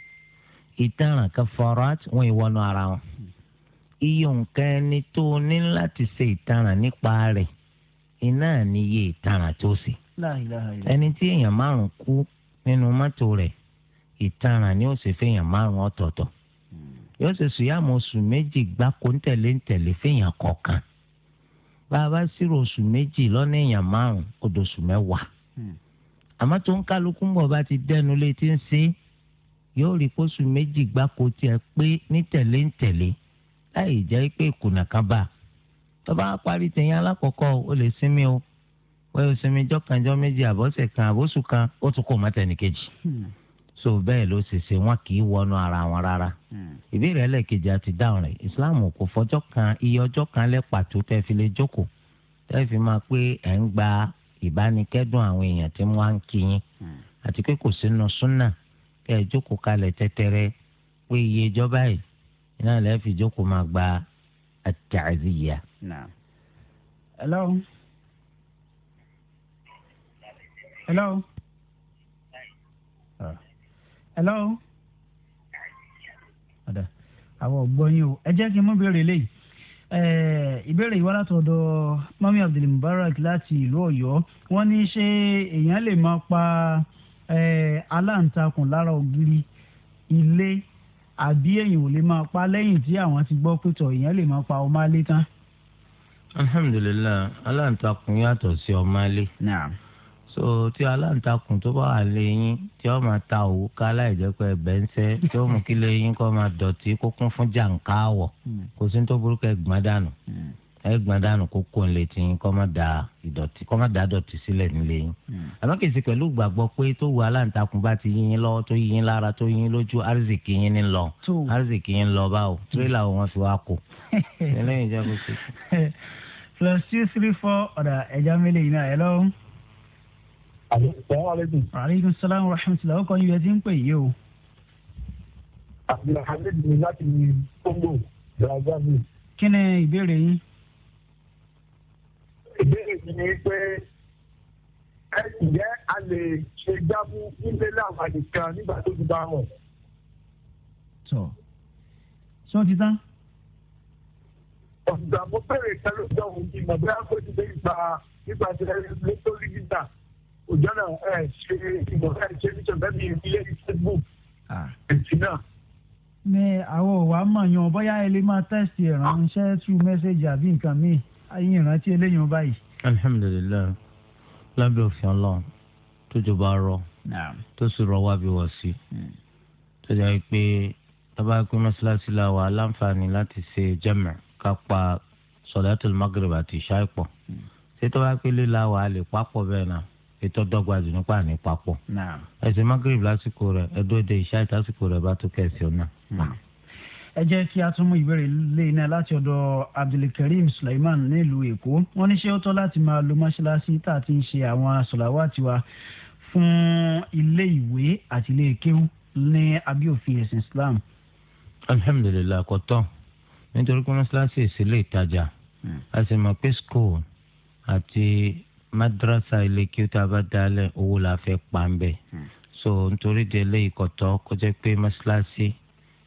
ìtaràn kan fọrat wọn ìwọnú ara wọn iye nǹkan ẹni tó ní láti ṣe ìtaràn nípa rẹ̀ iná níye ìtaràn tó ṣe ẹni tí èèyàn márùn kú nínú mọ́tò rẹ̀ ìtanràn ni ó sì fẹ́yàn márùn ọ̀tọ̀ọ̀tọ̀ hmm. yóò sì sùyàmù oṣù méjì gbáko ńtẹ̀lé ńtẹ̀lé fẹ́yàn kọ̀ọ̀kan bá a bá sírò oṣù méjì lọ́nà èèyàn márùn odò oṣù mẹ́wàá hmm. àmọ́ tó ń kálukú ń bọ̀ bá ti dẹnu létí ń ṣe yóò rí kóṣù méjì gbáko tiẹ̀ pé nítẹ̀lé ńtẹ̀lé láì jẹ́ pé ìkùnà kan bá a bá parí tẹ̀yìn alákọ̀ọ́kọ́ o lè sinmi o wọ́n yóò sinmi jọ́ kan jọ́ méjì àbọ̀sẹ̀ kan àbọ̀sù kan ó tún kò mọ́tẹ́ nìkejì. Hmm. so bẹ́ẹ̀ ló ṣe ṣe wọn kì í wọnú ara wọn rárá. Hmm. ìbéèrè ẹlẹ́ẹ̀kejì àti dáhùn rẹ̀ ìsìláàmù kò fọjọ́ kan iye ọjọ́ kan lẹ́ pàtó tẹ́ fi lè jókòó tẹ́ fi máa pé ẹ̀ ń gba ìbánikẹ́dùn àwọn èèyàn tí wọ́n á ń kíyìn hmm. àti pé kò sínú súnà kẹ́ ẹ jókòó kalẹ̀ tẹ́tẹ́rẹ́ pé iye ìjọba yìí iná Hello. hello. Ah. hello. Ada. àwọn ọ̀gbọ́n yín o ẹ jẹ́ kí n mú ìbéèrè léyìí ìbéèrè yìí wá látọ̀dọ̀ mami abdulmubarak láti ìlú ọ̀yọ́ wọ́n ní ṣé èèyàn lè máa pa aláǹtakùn lára ògiri ilé àbí èèyàn ò lè máa pa lẹ́yìn tí àwọn ti gbọ́ pẹ̀tọ̀ èèyàn lè máa pa ọmọ alé tán. alhamdulilayi aláǹtakùn yàtọ̀ sí ọmọ alé. naam so tí aláǹtakùn tó bá wà léyìn tí ó máa ta òwú ká láì jẹ́ pé ẹ̀bẹ̀ ń sẹ́ tí ó mú kí léyìn kó máa dọ̀tí kó kún fún jàǹká wọ̀ hmm. kò sí tó burúkú ẹ̀gbọ́n dànù hmm. ẹ̀gbọ́n dànù kó kó lè ti kó má da ìdọ̀tí kó má da dọ̀tí sílẹ̀ nílé yín. Hmm. àmọ́ kì í ṣe pẹ̀lú ìgbàgbọ́ pé tó wù aláǹtakùn bá ti yín lọ́wọ́ tó yín lára tó yín lójú arzikì yín ní lọ arzikì yín lọ báwo tírélà wọn fi wá kó. ẹlẹ́yin <laughs> jẹ́ plus two three four ọ̀dà ẹ̀já mélòó yìí aleykum salaam wa rahmatulah ọkọ yìí ẹ ti ń pè yìí o. abdulhamid ni láti Congo Brazzaville. kí ni ìbéèrè yín. ìbéèrè mi ni pé ẹ ǹjẹ́ a lè ṣe jábú nílé láwọn nìkan nígbà tó ti bá wọn. sọ sọ ti tán. ọ̀sùn àmọ́ bẹ̀rẹ̀ ìtẹ́lódọ́ òun kì í mọ̀ bí wọ́n á kó ti dé ìgbà nígbà tí ẹ lè tó rí nígbà òjò náà ẹ ṣe ìmọ̀ká ẹ ṣe fíjọ bẹ́ẹ̀ bí ilé facebook ẹ̀sìn náà. ní àwọn òwà mọ̀ yan bóyá ẹ lè máa tẹ́sì ìránṣẹ́ through message àbí nǹkan míì ayé ìrántí eléyìí báyìí. alhamdulilayi lábẹ́ òfin ọlọ́run tó jọba rọ tó sì rọ wá bí wọ́n sí hmm. tó jẹ́ pé tábà pé mọ́ṣáláṣí la wà láǹfààní láti ṣe jẹ́mẹ̀ ká pa sọ̀dọ̀tò magreba àti ìṣáìpọ̀ hmm. ṣé tó bá pélé la wà á lè pápọ̀ bẹ́ẹ̀ náà ètò ọdọgba àdùnnú pa ní papọ̀. ẹsẹ̀ magrib lásìkò rẹ̀ ẹ̀dọ́dẹ ìṣá ìtàsìkò rẹ̀ bá tó kẹ̀sì ọ̀nà. ẹ jẹ́ kí a tún mú ìbéèrè lé iná láti ọ̀dọ̀ abdulkareem suleiman nílùú èkó wọ́n ní ṣé ó tọ́ láti máa lo mọ́ṣáláṣí tá a ti ń ṣe àwọn sọ̀làwá tiwa fún ilé ìwé àti ilé kéwú ní abíòfin ẹ̀sìn islam. alhamdulilayi kò tọ́ nítorí pé mọ́ṣáláṣí ìsílẹ̀ ìtajà hmm. àti madrasa ilé kí ó tá a owó la fẹ́ pa hmm. so nítorí de eléyìí kọ̀tọ́ kó jẹ́ pé mọ́ṣáláṣí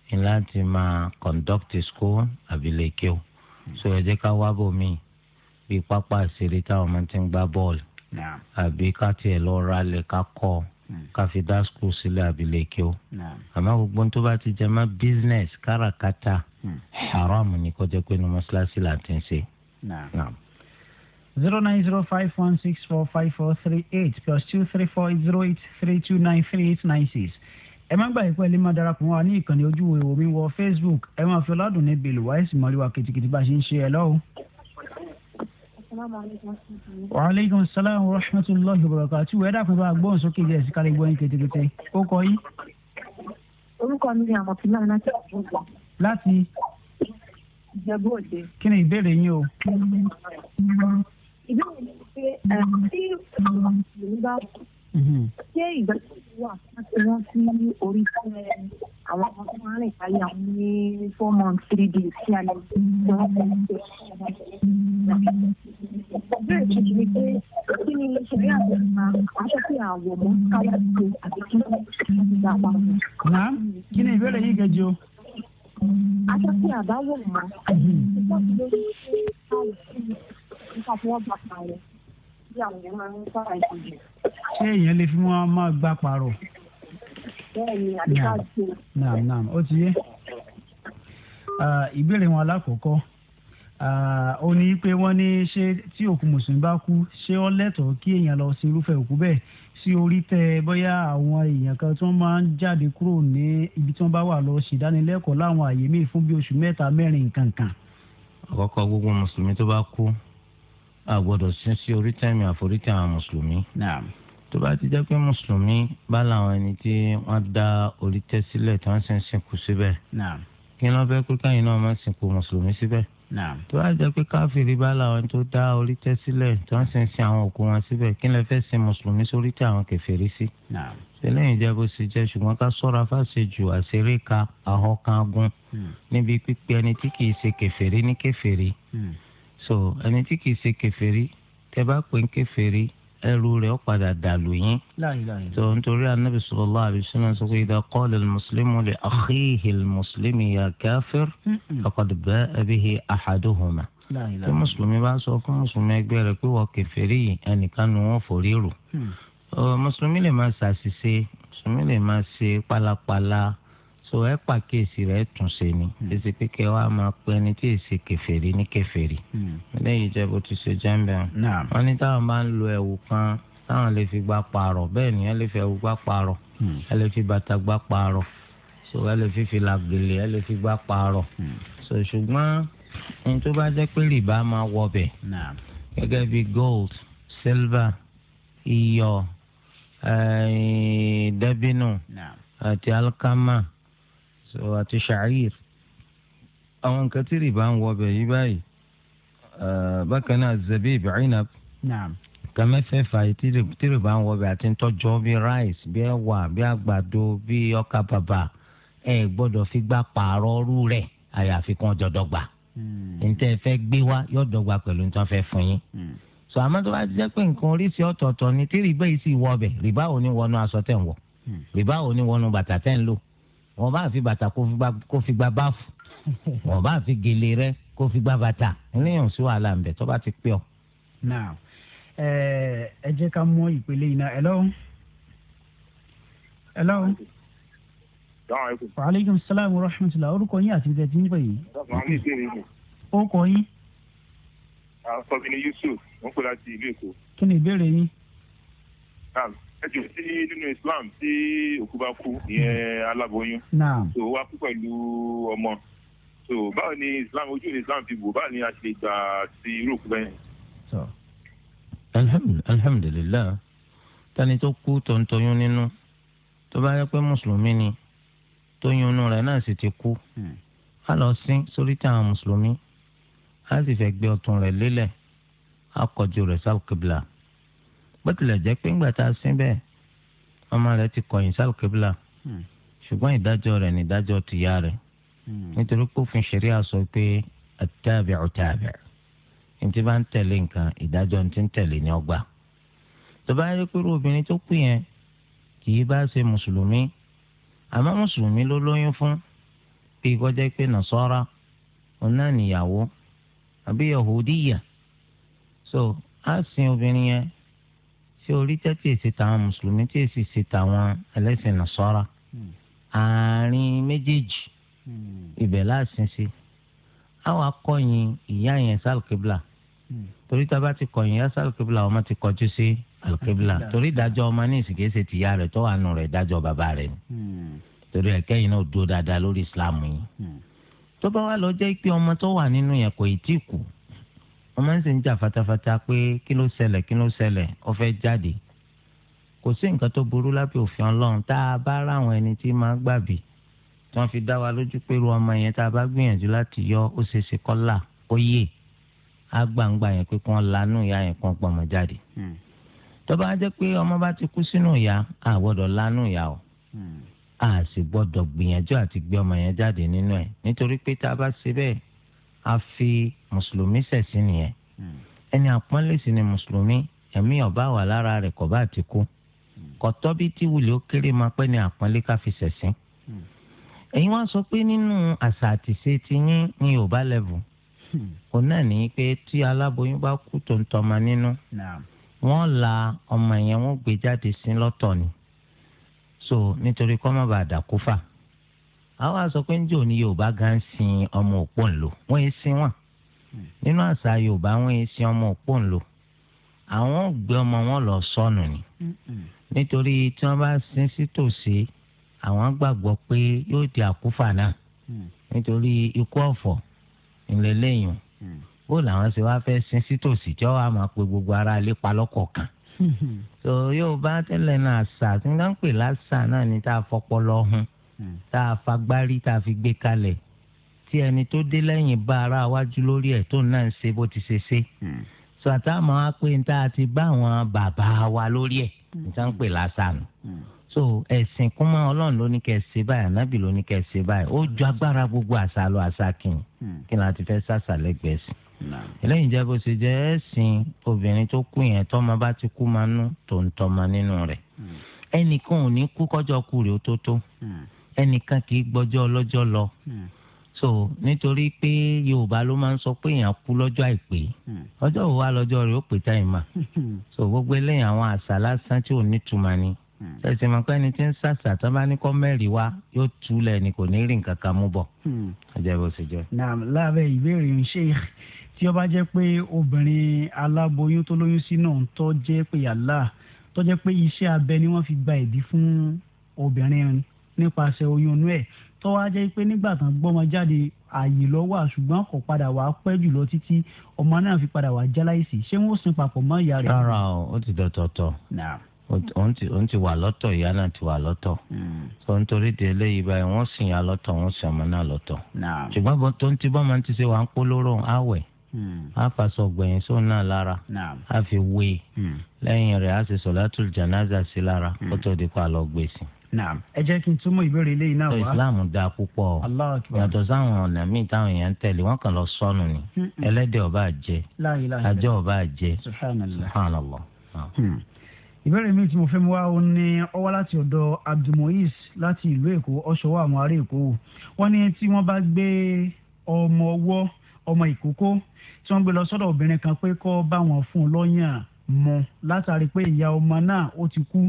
ni láti máa conduct school àbílẹ̀kẹ́ hmm. so ẹ jẹ́ ká wá bò mí bí pápá ìṣeré táwọn ọmọ ti ń gbá bọ́ọ̀lù àbí ká tiẹ̀ lọ ralẹ̀ ká kọ́ hmm. ká fi dá skul sílẹ̀ àbílẹ̀kẹ́ o. gbogbo tó bá ti jẹ mọ́ business káràkátà haram ni kó jẹ́ pé ní mọ́ṣáláṣí là ti ń ṣe zero nine zero five one six four five four three eight plus two three four zero eight three two nine three eight nine six ẹ má gbàgbé pẹ̀lú máa darapọ̀ wá ní ìkànnì ojú ìwò mi wọ Facebook ẹ máa fi ọlọ́dún níbi ìlú wáyé sì mọ́lẹ́wà kìtìkìtì bá a ṣe ń ṣe ẹ lọ́wọ́. wa aleykum salaam wa rahmatulahi wa barakatu ẹ dàpọ̀ bá a gbóhùn sókè jẹ́ ẹ̀sìn kárí gbóhùn kìtìkìtì ó kọ yín. orúkọ mi ni àmọ́ fúlàní láti ìjọba. láti. ìjẹ́bú òde. kí ni ìbéèrè yín o ìbéèrè mi ni pé tí ìlú bá ṣé ìgbà tó wà láti wọ́n sí orí fún àwọn ọmọ tó máa ń rìn káyé àwọn ní four months three days tí a lè fi wọ́n fẹ́ ṣe ìbéèrè kejì ni pé kí ni ìṣẹ̀lẹ̀ àgbẹ̀ máa aṣọ tí àwọ̀ mọ́ káyà tó àti kí wọ́n ti gbà pa wọn. kí ni ìbéèrè yìí kejì o. aṣọ tí àbáwọ̀ mọ́ mhm ká fún wọn gbà pààrọ̀ bí àwọn èèyàn máa ń sábà ìṣèjì. ṣé èèyàn lè fi wọn máa gbà pààrọ̀. bẹ́ẹ̀ni àdúrà ṣe. naam naam ó ti yé ìbéèrè wọn alákọ̀ọ́kọ́ ó ní pé wọ́n ní ṣé tí òkú mùsùlùmí bá kú ṣé ó lẹ́tọ̀ọ́ kí èèyàn lọ sí irúfẹ́ òkú bẹ́ẹ̀ sí orí tẹ bóyá àwọn èèyàn kan tí wọ́n máa ń jáde kúrò ní ibi tí wọ́n bá wà lọ ṣèdánilẹ́kọ̀ọ́ láwọn àyè míì fún bí oṣù mẹ́ta mẹ́rin nǹkan kan. àkọ́kọ́ gbogbo mùsùlùmí tó bá kú a gbọ́dọ̀ sin sí orí tẹmí àforítì àwọn mùsùlùmí. tó bá ti jẹ́ pé mùsùlùmí bá làwọn ẹni tí wọ́n dá orí tẹ́ sílẹ̀ tí wọ́n sì ń sìnkú síbẹ̀. kí ló fẹ́ pé káyìn náà máa ń sìnkú mùsùlùmí síbẹ̀. tó bá jẹ́ pé káfíìrì bá làwọn ẹni tó dá orí tẹ́ sílẹ̀ tí wọ́n sì ń sin àwọn òkú wọn síbẹ̀ kí ló fẹ́ sin mùsùlùmí sórí tẹ́ àwọn kèfèrí sí. sẹlẹ̀yìn jẹ́ bó ṣe jẹ́ ṣùgbọ́n ká sọ́ra fáṣejù àṣeréka hmm. pípẹ́ ẹni tí kì í ṣe kèfèrí ní kèfèrí. Hmm so ẹni tí kìí ṣe kèfèrí tẹ́ bá pè ń kèfèrí ẹrú rẹ̀ ó padà dàlù yín so nítorí anabi sallallahu alaihi wasallam sọ pé idha qala al-muslimu li akhihi al-muslimi ya kafir faqad ba'a bihi ahaduhuma tí mùsùlùmí bá sọ fún mùsùlùmí ẹgbẹ́ rẹ̀ pé wọ́n kèfèrí yìí ẹnìkan ni wọ́n forí rò mm. mùsùlùmí lè máa ṣàṣìṣe mùsùlùmí lè máa ṣe pálapàla so ẹ pàkíyèsí rẹ tún ṣe ni lẹsẹ hmm. pé kẹ wàá máa pẹ ní tí èsì kèfèrí ní kèfèrí hmm. lẹ́yìn jẹ bó ti ṣe jẹmbẹ wọn ní táwọn bá ń lo ẹ̀wù kan táwọn lè fi gbá pààrọ̀ bẹ́ẹ̀ ni ẹ lè fi ẹ̀wù gbá pààrọ̀ hmm. ẹ lè fi bàtà gbá pààrọ̀ so ẹ lè fi fìlà gbèlè ẹ lè fi gbá pààrọ̀ so ṣùgbọ́n ní tó bá jẹ́ pé rìbá máa wọ bẹ̀ gẹ́gẹ́ bí gold silver iyọ̀ eh, dẹ́bínù àti alikama. Nah àti ṣàáyìr àwọn nǹkan tí rìbá ń wọbẹ̀ yí báyìí bákan náà zabib inab kàmẹ́fẹ́ fàyè tí rìbá ń wọbẹ̀ àti ntọ́jọ́ bíi rice bíi ẹ̀wà bíi àgbàdo bíi ọkà bàbà ẹ gbọ́dọ̀ fi gbà pààrọ̀ ọrú rẹ̀ àyàfi kan jọ̀dọ̀ gbà hmm. ntẹ́ fẹ́ gbé wá yóò dọ́gba pẹ̀lú ntọ́ fẹ́ fún yín hmm. sọ àmọ́ tó bá ti pé nǹkan oríṣi ọ̀tọ̀ọ̀tọ̀ ni tí rìbá yìí sì wọ rìbá ò ní wọnú aṣọ tẹ̀ ń wọ̀ hmm. rìbá ò ní wọnú bàtà tẹ̀ ń lò wọn bá fi bàtà kó fi gba báfù <laughs> wọn bá fi gèlè rẹ kó fi gba bàtà níyàn sí wàhálà ń bẹ tó bá ti pé ọ. ẹ jẹ́ ká mọ ìpele iná ẹ lọ́wọ́. ẹ lọ́wọ́. wa aleykum salaam wa rahmatulah orúkọ yín àti ìbẹ̀tì ń pè yín. ó kọ yín. àkọ́bí ni yusuf wọ́n pè láti ìlú èkó. kí ni ìbéèrè yín ẹjọ sí nínú islam tí òkú bá kú ìyẹn aláboyún so wá kú pẹ̀lú ọmọ so báwo ni islam ojú ni islam fi bò báwo ni a ṣe gbà sí irú òkú bẹ́ẹ̀. alhamdulilayi tani tó kú tọ̀ntọ̀yún nínú tó bá yẹ pé mùsùlùmí ni tó yúnú náà sì ti kú hmm. a lọ sí sórí tí àwọn mùsùlùmí a sì fẹ́ gbé ọ̀tún rẹ̀ lélẹ̀ a kọjú rẹ̀ sáà kébìlà bó tilẹ̀ jẹ́ pé ńgbà tá a sin bẹ́ẹ̀ ọmọ rẹ̀ ti kọ̀yìn sálùkébìlà hmm. ṣùgbọ́n ìdájọ́ rẹ̀ ní ìdájọ́ tìyá rẹ̀ hmm. nítorí pé òfin ṣẹ̀ríà sọ pé àtàbí'ù tàbí'ù ntí bá ń tẹ̀lé nǹkan ìdájọ́ ntí ń tẹ̀lé ní ọgbà tó bá yẹ kúrò obìnrin tó kú yẹn kì í bá ṣe mùsùlùmí àmọ́ mùsùlùmí ló lóyún fún bí kọjá pé nàṣọ́ra ọ̀nà níyàwó àbí yahudiya so á sin obìnrin yẹn ṣé orí tẹ́ tí èsì tàwọn mùsùlùmí tí èsì ṣe tàwọn ẹlẹ́sìn nàṣọ́ra hmm. àárín méjèèjì hmm. ibẹ̀ láàsìn sí àwọn akọ̀yìn ìyá yẹn sálùkébìlà hmm. torí tá a bá ti kọ̀yìn ìyá sálùkébìlà ọmọ ti kọjú sí alùkébìlà torí ìdájọ́ ọmọ ní ìsìnkè ṣe tìyá rẹ̀ tó wà nù rẹ̀ ìdájọ́ bàbá rẹ̀ ni torí ẹ̀kẹ́ yìí náà dúró dáadáa lórí ìsìláàmù yìí tó bá wà lọ jẹ́ ọmọ tó wà nínú yẹn kò ì tí kù wọ́n máa ń sì ń jà fatafata pé kí ló ṣẹlẹ̀ kí ló ṣẹlẹ̀ ó fẹ́ jáde kò sí nǹkan tó burú lábẹ́ òfin ọlọ́run tá a bá ráwọn ẹni tí máa gbàbí tí wọ́n fi dá wa lójú pé ru ọmọ yẹn tá a bá gbìyànjú láti yọ ó ṣe é ṣe kọ́là ó yè á gbàǹgbà yẹn pé kí wọ́n lanú ìyá yẹn kí pọ̀ ọmọ jáde hmm. tó bá jẹ́ pé ọmọ bá ti kú sínú ìyá a gbọ́dọ̀ lanú ìyá o hmm. a sì gbọ́dọ̀ gbìyànjú àti gbé ọmọ yẹn jáde nínú ẹ̀ nítorí pé tá a bá ṣe bẹ́ẹ̀ Afi fi mùsùlùmí ṣẹ̀sí nìyẹn ẹni àpọ́nlé sí ni mùsùlùmí ẹ̀mí ọ̀bá wà lára rẹ̀ kọ̀ bá ti kú kọ̀tọ́ bí tí wùlẹ̀ ó kéré máa pẹ́ ni àpọ́nlé ká fi ṣẹ̀sí. ẹ̀yin wá sọ pé nínú àṣà àtìṣe ti yín ní yorùbá lẹ́vù òun náà ní pé tí aláboyún bá kú tó ń tọ́mọ nínú wọ́n la ọmọ yẹn wọ́n gbé jáde sí lọ́tọ̀ ni so nítorí kọ́ má bàa dàkúfà. Hmm àwọn aṣọ pé ń jò ní yorùbá gan sin ọmọ òpó ńlò wọ́n yé sin wọn nínú àṣà yorùbá wọ́n yé sin ọmọ òpó ńlò àwọn ò gbé ọmọ wọn lọ sọnù ni nítorí tí wọ́n bá sin sítòsí àwọn gbàgbọ́ pé yóò di àkúfà náà nítorí ikú ọ̀fọ̀ ńlẹ́lẹ́yìn bó làwọn ṣe wá fẹ́ sin sítòsí tí wọ́n máa pe gbogbo ara ilé pa lọ́kọ̀ọ̀kan <laughs> so yóò bá tẹ́lẹ̀ náà àṣà tí wọ́n ń pè láṣà náà ní fọpọlọ hun Hmm. tá a fagbárí tá a fi gbé kalẹ̀ tí ẹni tó dé lẹ́yìn bá ara wájú lórí ẹ̀ tó náà ń ṣe bó ti ṣe ṣe hmm. sọ àtàwọn á pé tá a ti bá àwọn bàbá wa lórí ẹ̀ hmm. níta ń pè lásán so ẹ̀sìn kúnmọ́ ọlọ́run ló ní kẹ́ ẹ ṣe báyìí ànábì ló ní kẹ́ ẹ ṣe báyìí ó ju agbára gbogbo àṣà lọ àṣà kìnnì kí ni a ti fẹ́ sàṣà lẹ́gbẹ̀ẹ́ sí eléyìí jẹ́ bó ṣe jẹ́ ẹ̀sìn obìnrin tó kú yẹn tọ́mọ bá ti kú máa nú tòǹtọ́mọ nínú rẹ̀ ẹnìkan ò ní kú kọjọ́ kú rèé ó tó tó ẹnìkan kì í gbọ́jọ́ ọlọ́jọ́ lọ hmm. so nítorí pé yorùbá ló máa ń sọ pé èèyàn kú lọ́jọ́ àìpé hmm. ọjọ́ òwò alọ́jọ́ rẹ̀ ó pè táyì mà hmm. so gbogbo eléyìí àwọn àṣà lásán tí ò ní túmọ̀ ni ṣẹ̀ṣẹ̀ mọ̀ pé ẹni tí ń ṣàṣà tó bá ní kọ́ mẹ́rin wá yóò túlẹ̀ ni kò ní rìn kankan mú bọ̀ ọjọ́ ìbò ṣèjọ. naam lábẹ́ ìbéèrè ń ṣe tí ó jẹ́ pé obìnrin aláboyún tó lóyún sí tó jẹ́ pé yàrá tó jẹ́ pé iṣẹ́ abẹ ni wọ́n fi gba ìbí fún obìnrin nípasẹ̀ oyún inú ẹ̀ tó wá jẹ́ pé nígbà tán gbọ́mọ jáde ààyè lọ wà ṣùgbọ́n kò padà wá pẹ́ jùlọ títí ọmọ náà fi padà wá jáláìsì ṣé wọ́n sin papọ̀ mọ́ ìyá rẹ̀. rárá o ó ti dọ̀tọ̀tọ̀ òun ti wà lọ́tọ̀ ìyá náà ti wà lọ́tọ̀ tó ń torí de eléyìí báyìí wọ́n sin ìyá lọ́tọ̀ wọ́n sin ọmọ náà lọ́tọ̀ ṣùgbọ́n tó ń ti bọ́ máa ń ti ṣe wà ń polówó àwẹ̀ a hmm. faṣọ gbẹ̀yìn sóun náà lára a fi wé hmm. lẹ́yìn rẹ̀ a sì sọ̀látùl jánásà sí lára hmm. kó tó di pa lọ gbèsè naam ẹ jẹ́ kí n túmọ̀ ìbéèrè eléyìí náà wá. sọ islam da púpọ̀ yàtọ̀ sáwọn ọ̀nà míì táwọn èèyàn ń tẹ̀lé wọ́n kàn lọ sọnù ni ẹlẹ́dẹ̀ ọba àjẹ ajẹ́ ọba àjẹ subhanallah. Ah. Hmm. ìbéèrè mi tí mo fẹ́ mu wá o ní ọwọ́ láti ọ̀dọ̀ abdulmoyis láti ìlú èkó ọ̀ṣọ́wọ́ àwọn ará èkó wọ́n ní tí wọ́n bá gbé ọmọ ọwọ́ ọmọ ìkókó tí wọ́n gbé lọ sọ́dọ̀ obìnrin kan pé kó bá wọn fún un lọ́yàn mọ́ látàrí pé ìyá ọmọ náà ó ti kú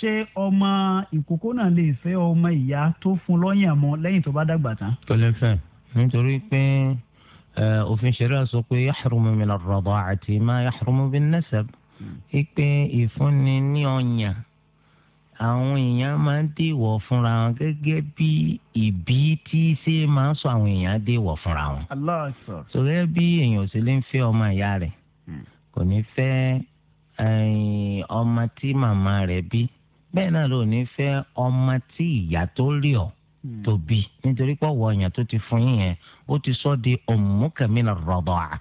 ṣé ọmọ ìkókó náà lè fẹ́ ọmọ ìyá tó fún lọ́yàn mọ́ lẹ́yìn tó bá dàgbà tán. kò lè fẹ́ nítorí pé òfin ṣẹlẹ sọ pé yàrùmù mi lọrọdọ àti má yàrùmù bí nẹsẹ pé ìfúnni ní ọyàn àwọn èèyàn máa ń dèwọ̀ fúnra wọn gẹ́gẹ́ bí ìbí tí ṣe máa ń sọ àwọn èèyàn dèwọ̀ fúnra wọn. sọ̀rọ̀ bí èèyàn ò sì lè fẹ́ ọmọ ìyá rẹ̀ hmm. kò ní fẹ́ ọmọ tí màmá rẹ bí bẹ́ẹ̀ náà ló ní ọmọ tí ìyá tó rí ọ hmm. tó bí nítorí pé ọyàn tó ti fún yẹn ti sọ di ọmọkàmínà rọbọ à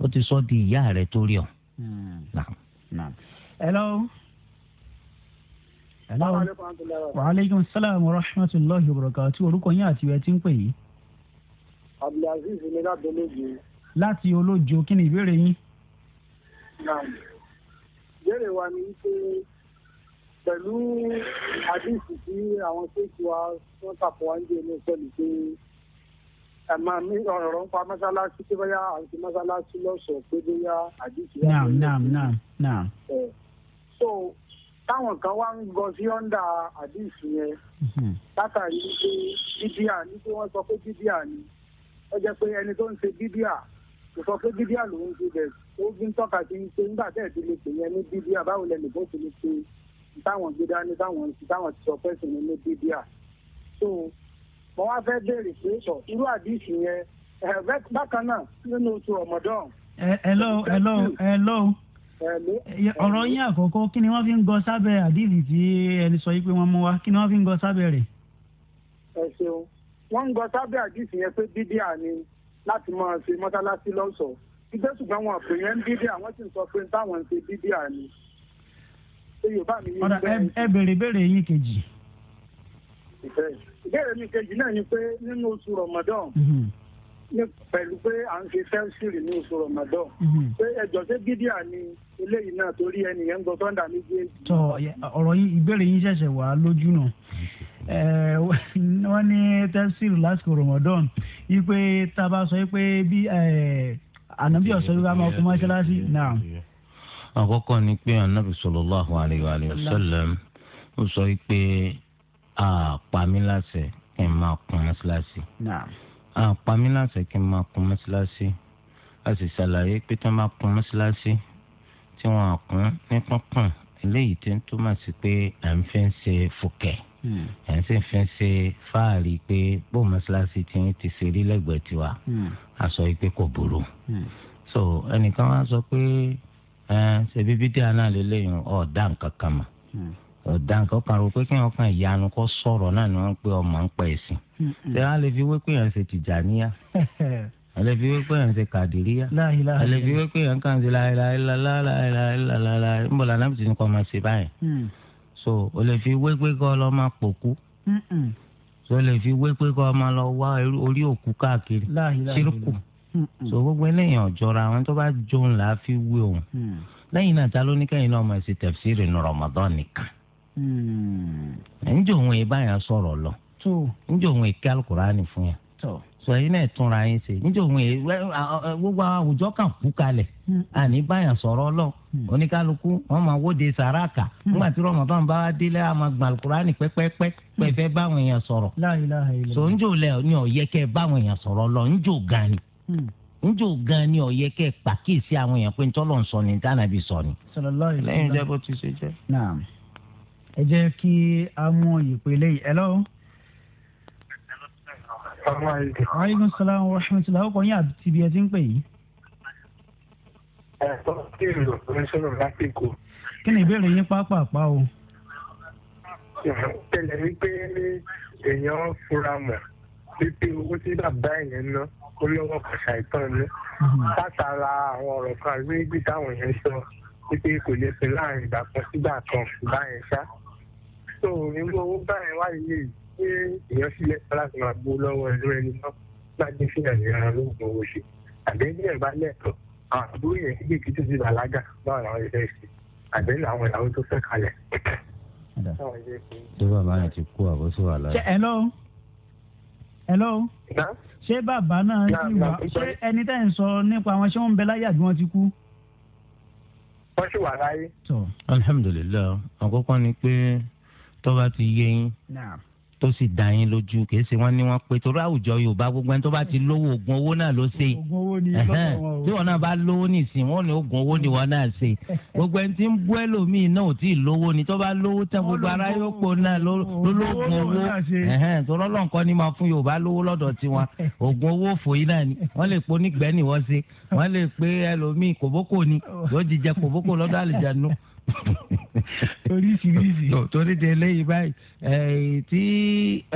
ó ti sọ di ìyá tó rí ọ. Hmm. hello. hello. wa aleykum salaam wa rahmatulahi wa barakatuh orúkọ yín àti ìwé tí ń pè abdulaziz ni láti olójo kí ni ìbéèrè wa ni wípé pẹ̀lú àdìsí tí àwọn ṣéèkì wa wọ́n tàpọ̀ wá ń jẹ́ ní sọ́ọ̀lù pé ẹ̀ma mi ọ̀rọ̀ ń pa mọ́sálásí pé bóyá àti mọ́sálásí lọ́sọ̀ọ́ pé bóyá àdìsí wa. naam naam naam naam. so táwọn kan wá ń gọ sí ọ́ndà àdìsí yẹn mhm. látàrí pé bíbíà ní pé wọ́n sọ pé bíbíà ni ó jẹ́ pé ẹni tó ń ṣe bíbíà ìfọ pé bíbíà ló ń ṣe bẹ ó fi ń tọ́ka sí ń ṣe nígbà tẹ́ẹ̀ ti lè pè yẹn ní bíbíà báwo lẹ nìkan ti lè ṣe táwọn gbé dání táwọn ti táwọn ti sọ pẹ́sìn ní ní bíbíà so mo wá fẹ́ béèrè pé sọ irú àdìsí yẹn bákan náà nínú oṣù ọmọdán. hello hello hello ọ̀rọ̀ yín àkọ́kọ́ kí ni wọ́n fi ń gọ sábẹ́ àdìsí tí ẹni sọ yìí pé wọ́n mú wa kí ni wọ́n fi ń gọ sábẹ́ rẹ̀. ẹ ṣeun wọ́n ń gọ sábẹ́ àdìsí yẹn pé bíbíà ni láti máa ṣe mọ́sálásí lọ́sọ̀ọ́ ìgbẹ́ ṣùgbọ́n wọn pè yẹn ń dídí àwọn sì ń sọ pé táwọn ń ṣe dídí àní. ọ̀rọ̀ ẹ bèrè bèrè yín kejì. ìbéèrè mi kejì náà ni pé nínú oṣù Ramadan mhm. ní pẹ̀lú pé à ń ṣe tẹ́sírì ní oṣù Ramadan mhm. pé ẹjọ́ ṣé dídí àní eléyìí náà torí ẹnìyẹn ń gbọ́ tọ́ndà méjèèjì. tọ ọ̀rọ̀ ìbéèrè yín ṣẹ̀ṣẹ̀ wà lójú náà wọ́n ní tẹ́sílù lásìkò ramadan ipe tá a bá sọ pé bí ànábì ọ̀sọ́ yóò máa kú mọ́ṣáláṣí náà. àkọ́kọ́ ni pé ànábì sallallahu alaihi wa sallam ó sọ pé àpamílàṣẹ kí n máa kún mọ́ṣáláṣí. àpamílàṣẹ kí n máa kún mọ́ṣáláṣí a sì ṣàlàyé pé tí wọ́n máa kún mọ́ṣáláṣí tí wọ́n á kún ní kúnkún eléyìí tó ń túmọ̀ sí pé à ń fẹ́ ń ṣe fòkè ẹ̀ ń sì fi ṣe fáàrí pé bó mọ́ṣáláṣí ti ń ti ṣe rí lẹ́gbẹ̀ẹ́ tiwa a sọ pé kò burú. so ẹnìkan wá sọ pé ẹ ṣe bíbí tí a náà lè léyìn ọ̀dà nǹkan kan mà ọ̀dà nǹkan kan rò pé kí wọ́n kan ìyanu kọ́ sọ̀rọ̀ náà ni wọ́n ń pè ọmọ ń pẹ́ ẹ̀sìn. ṣé wàá lè fi wé pé yẹn ṣe Tìjàníyà alẹ́bí wí pé yẹn ṣe kàdíríyà alẹ́bí wí pé yẹn kàn ṣe láìláìláìláìláìláìláì ń bọ̀ lànà bìtì ní kò máa ṣe báyìí. so o lè fi wégbé kọ ọ lọ ma pòkú so o lè fi wégbé kọ ọ máa lọ wá orí òkú káàkiri sírùkù so gbogbo eléyàn jọra àwọn tó bá jóun là á fi wé òun mm. lẹ́yìn náà ta ló ní kẹ́yìn náà máa ṣe tẹ̀fsíìrì ní Ramadan nìkan mm. ẹ̀ ń jòun ẹ̀ báyà sọ̀rọ̀ lọ ń jòun ẹ̀ kí alukurani fún yà. sọ yìí náà túnra yín ṣe nítorí gbogbo àwùjọ kan kú kalẹ̀ àní hmm. báyà sọ̀rọ̀ lọ hmm. oníkálukú wọn máa wóde sàràkà hmm. nígbà tí bá délé pẹ́pẹ́pẹ́ báwọn èèyàn sọ̀rọ̀ lẹ lọ njó gan ni gan ni pàkíyèsí àwọn èèyàn pé ntọ́lọ̀ ń ni tánàbí sọ ni. lẹ́yìn ti ṣe jẹ́. ẹ jẹ́ a mú ìpele yìí ẹ aleykum salaam wa rahmatulah ọkọ yín àti ibi ẹ ti ń pè yìí. ẹ̀fọ́ kí n lò fún sọ̀rọ̀ lásìkò. kí ni ìbéèrè yín pápápá o. tẹ̀lé wípé èèyàn fura mọ̀ wípé owó tí bàbá ẹ̀yẹn ná ó lọ́wọ́ kan ṣàìtàn ní. Mm-hmm. látara àwọn ọ̀rọ̀ kan àgbégbé táwọn èèyàn sọ wípé kò lè fi láàrin ìgbà kan sígbà kan báyẹn ṣá. tó o ní owó báyẹn wáyé yìí pé èèyàn sílẹ̀ láti máa bó lọ́wọ́ ẹ̀rọ ẹni náà bá dé sí àyíká lóògùn owó ṣe àbẹ́bí ẹ̀ bá lẹ́ẹ̀kan àbúrò yẹn sì kí tó ti bàlágà báwo làwọn ẹ̀fẹ́ ṣe àbẹ́lẹ̀ àwọn ìyàwó tó fẹ́ kalẹ̀. ṣé bàbá yẹn ti kú àbọ̀sọ wà lára. hello hello ṣé bàbá náà ti wà ṣé ẹni tẹ́ ń sọ nípa àwọn ṣé wọ́n ń bẹ láyé àbí wọ́n ti kú wọ́n sì wà láyé. alhamdulilayi àkọ́kọ́ ni pé tọ́ba ti yé yín tó sì dá yín lójú kìí ṣe wọn ni wọn pe torí àwùjọ yorùbá gbogbo ẹni tó bá ti lówó oògùn owó náà ló ṣe tí wọn náà bá lówó nìsín wọn ni oògùn owó ni wọn náà ṣe <laughs> gbogbo ẹni tí ń bú ẹlòmíì náà ò tí ì lówó ni tó bá lówó tán gbogbo ara yóò pò náà ló lóògùn owó tọrọ lọ́nkọ́ ni máa fún yorùbá lówó lọ́dọ̀ tiwọn <laughs> oògùn owó fòyí náà ni wọ́n lè po onígbẹ́ wọ́n ṣe wọ́n lè pe ẹlòmíì kòbókò ni yóò oríṣiríṣi. torí de eléyìí báyìí tí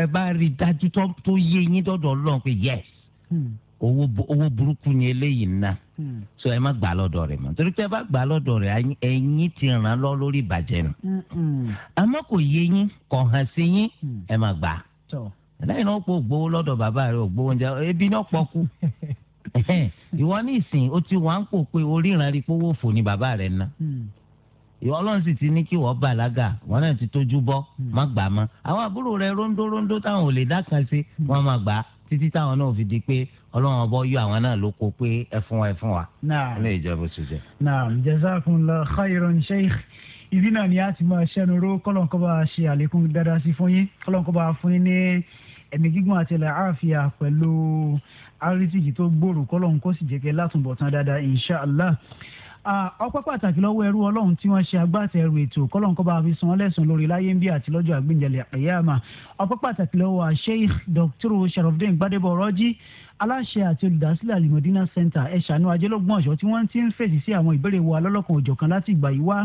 ẹ bá rí dájú tó yé yín dọ́dọ̀ ọlọ́run pé yes hmm. owó owó burúkú ni eléyìí ná hmm. so ẹ má gbà lọ́dọ̀ rẹ̀ mọ́ torí pé ẹ bá gbà lọ́dọ̀ rẹ̀ ẹ̀yin ti ràn lọ lórí ìbàjẹ́ nù hmm, àmọ́ kò yé yín kò hàn sí yín ẹ má gbà lẹ́yìn náà pò gbowó lọ́dọ̀ bàbá rẹ̀ ò gbowó oúnjẹ ebi náà pọ̀ kú <laughs> ìwọ ní ìsìn o ti wà ń pò pé oríran rí owó fò ní bàbá rẹ̀ ná ìwọ ọlọ́run sì ti ní kí wọ́n bàlágà wọn náà ti tójú bọ́ hmm. má gbà á mọ́ àwọn àbúrò rẹ róńdó róńdó táwọn ò lè dákan sí hmm. wọn má gbà títí táwọn náà fi di pé ọlọ́run ọbọ̀ yọ àwọn náà ló kó pé ẹ fún wa ẹ fún wa. naam ilé ìjọba oṣù jẹ. naam jazakumullahu khairan sheikh ibi náà ni a ti máa ṣẹnu ró kọ́lọ́nkọ́ba ṣe àlékún dáadáa sí fún yín kọ́lọ́nkọ́ba fún yín ní ẹ̀mí gígùn àti ilẹ̀ àáfíà pẹ̀lú àrísìkì tó gbòòrò kọ́lọ́n sì jẹ́ ọpẹ́ pàtàkì lọ́wọ́ ẹrú ọlọ́run tí wọ́n ṣe agbátẹrù ètò kọ́lọ́n kọ́ bá fi san lẹ́sùn lórí láyé ń bí àti lọ́jọ́ àgbéǹjẹ̀lẹ̀ àyàmà ọpẹ́ pàtàkì lọ́wọ́ Sheikh Dr. Sharafdin Gbadebo Rọ́jí aláṣẹ àti olùdásílẹ̀ alimọ̀dínà center ẹ̀ṣánú ajẹ́lógbọ̀nsọ̀ tí wọ́n ti ń fèsì sí àwọn ìbéèrè wa lọ́lọ́kan òjọ̀kan láti ìgbà yìí wá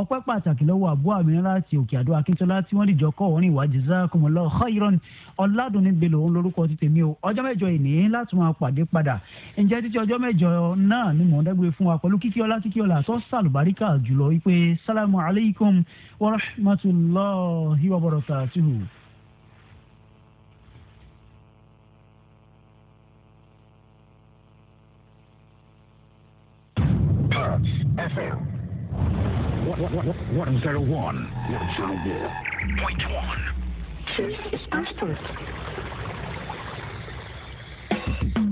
ọpẹ́ pàtàkì lọ́wọ́ àbúrò àmìnira láti òkè àdó akíntola tí wọ́n dìjọ kọ́ orin ìwà jazakumullahu khairan ọ̀làdùnní belò ń lorúkọ ti tèmi o ọjọ́ mẹ́jọ ìní láti máa pàdé padà ǹjẹ́ títí ọjọ́ mẹ́jọ náà ni mò ń dẹ́gbẹ́ fún wa pẹ̀lú kíkíọ́lá kíkíọ́lá tó sàlùbáríkà jùlọ wípé sálámù alaykum wa rahmatulahi wa barakatuhu. Current FM. What, what, what, 101. 101. Point one. Two is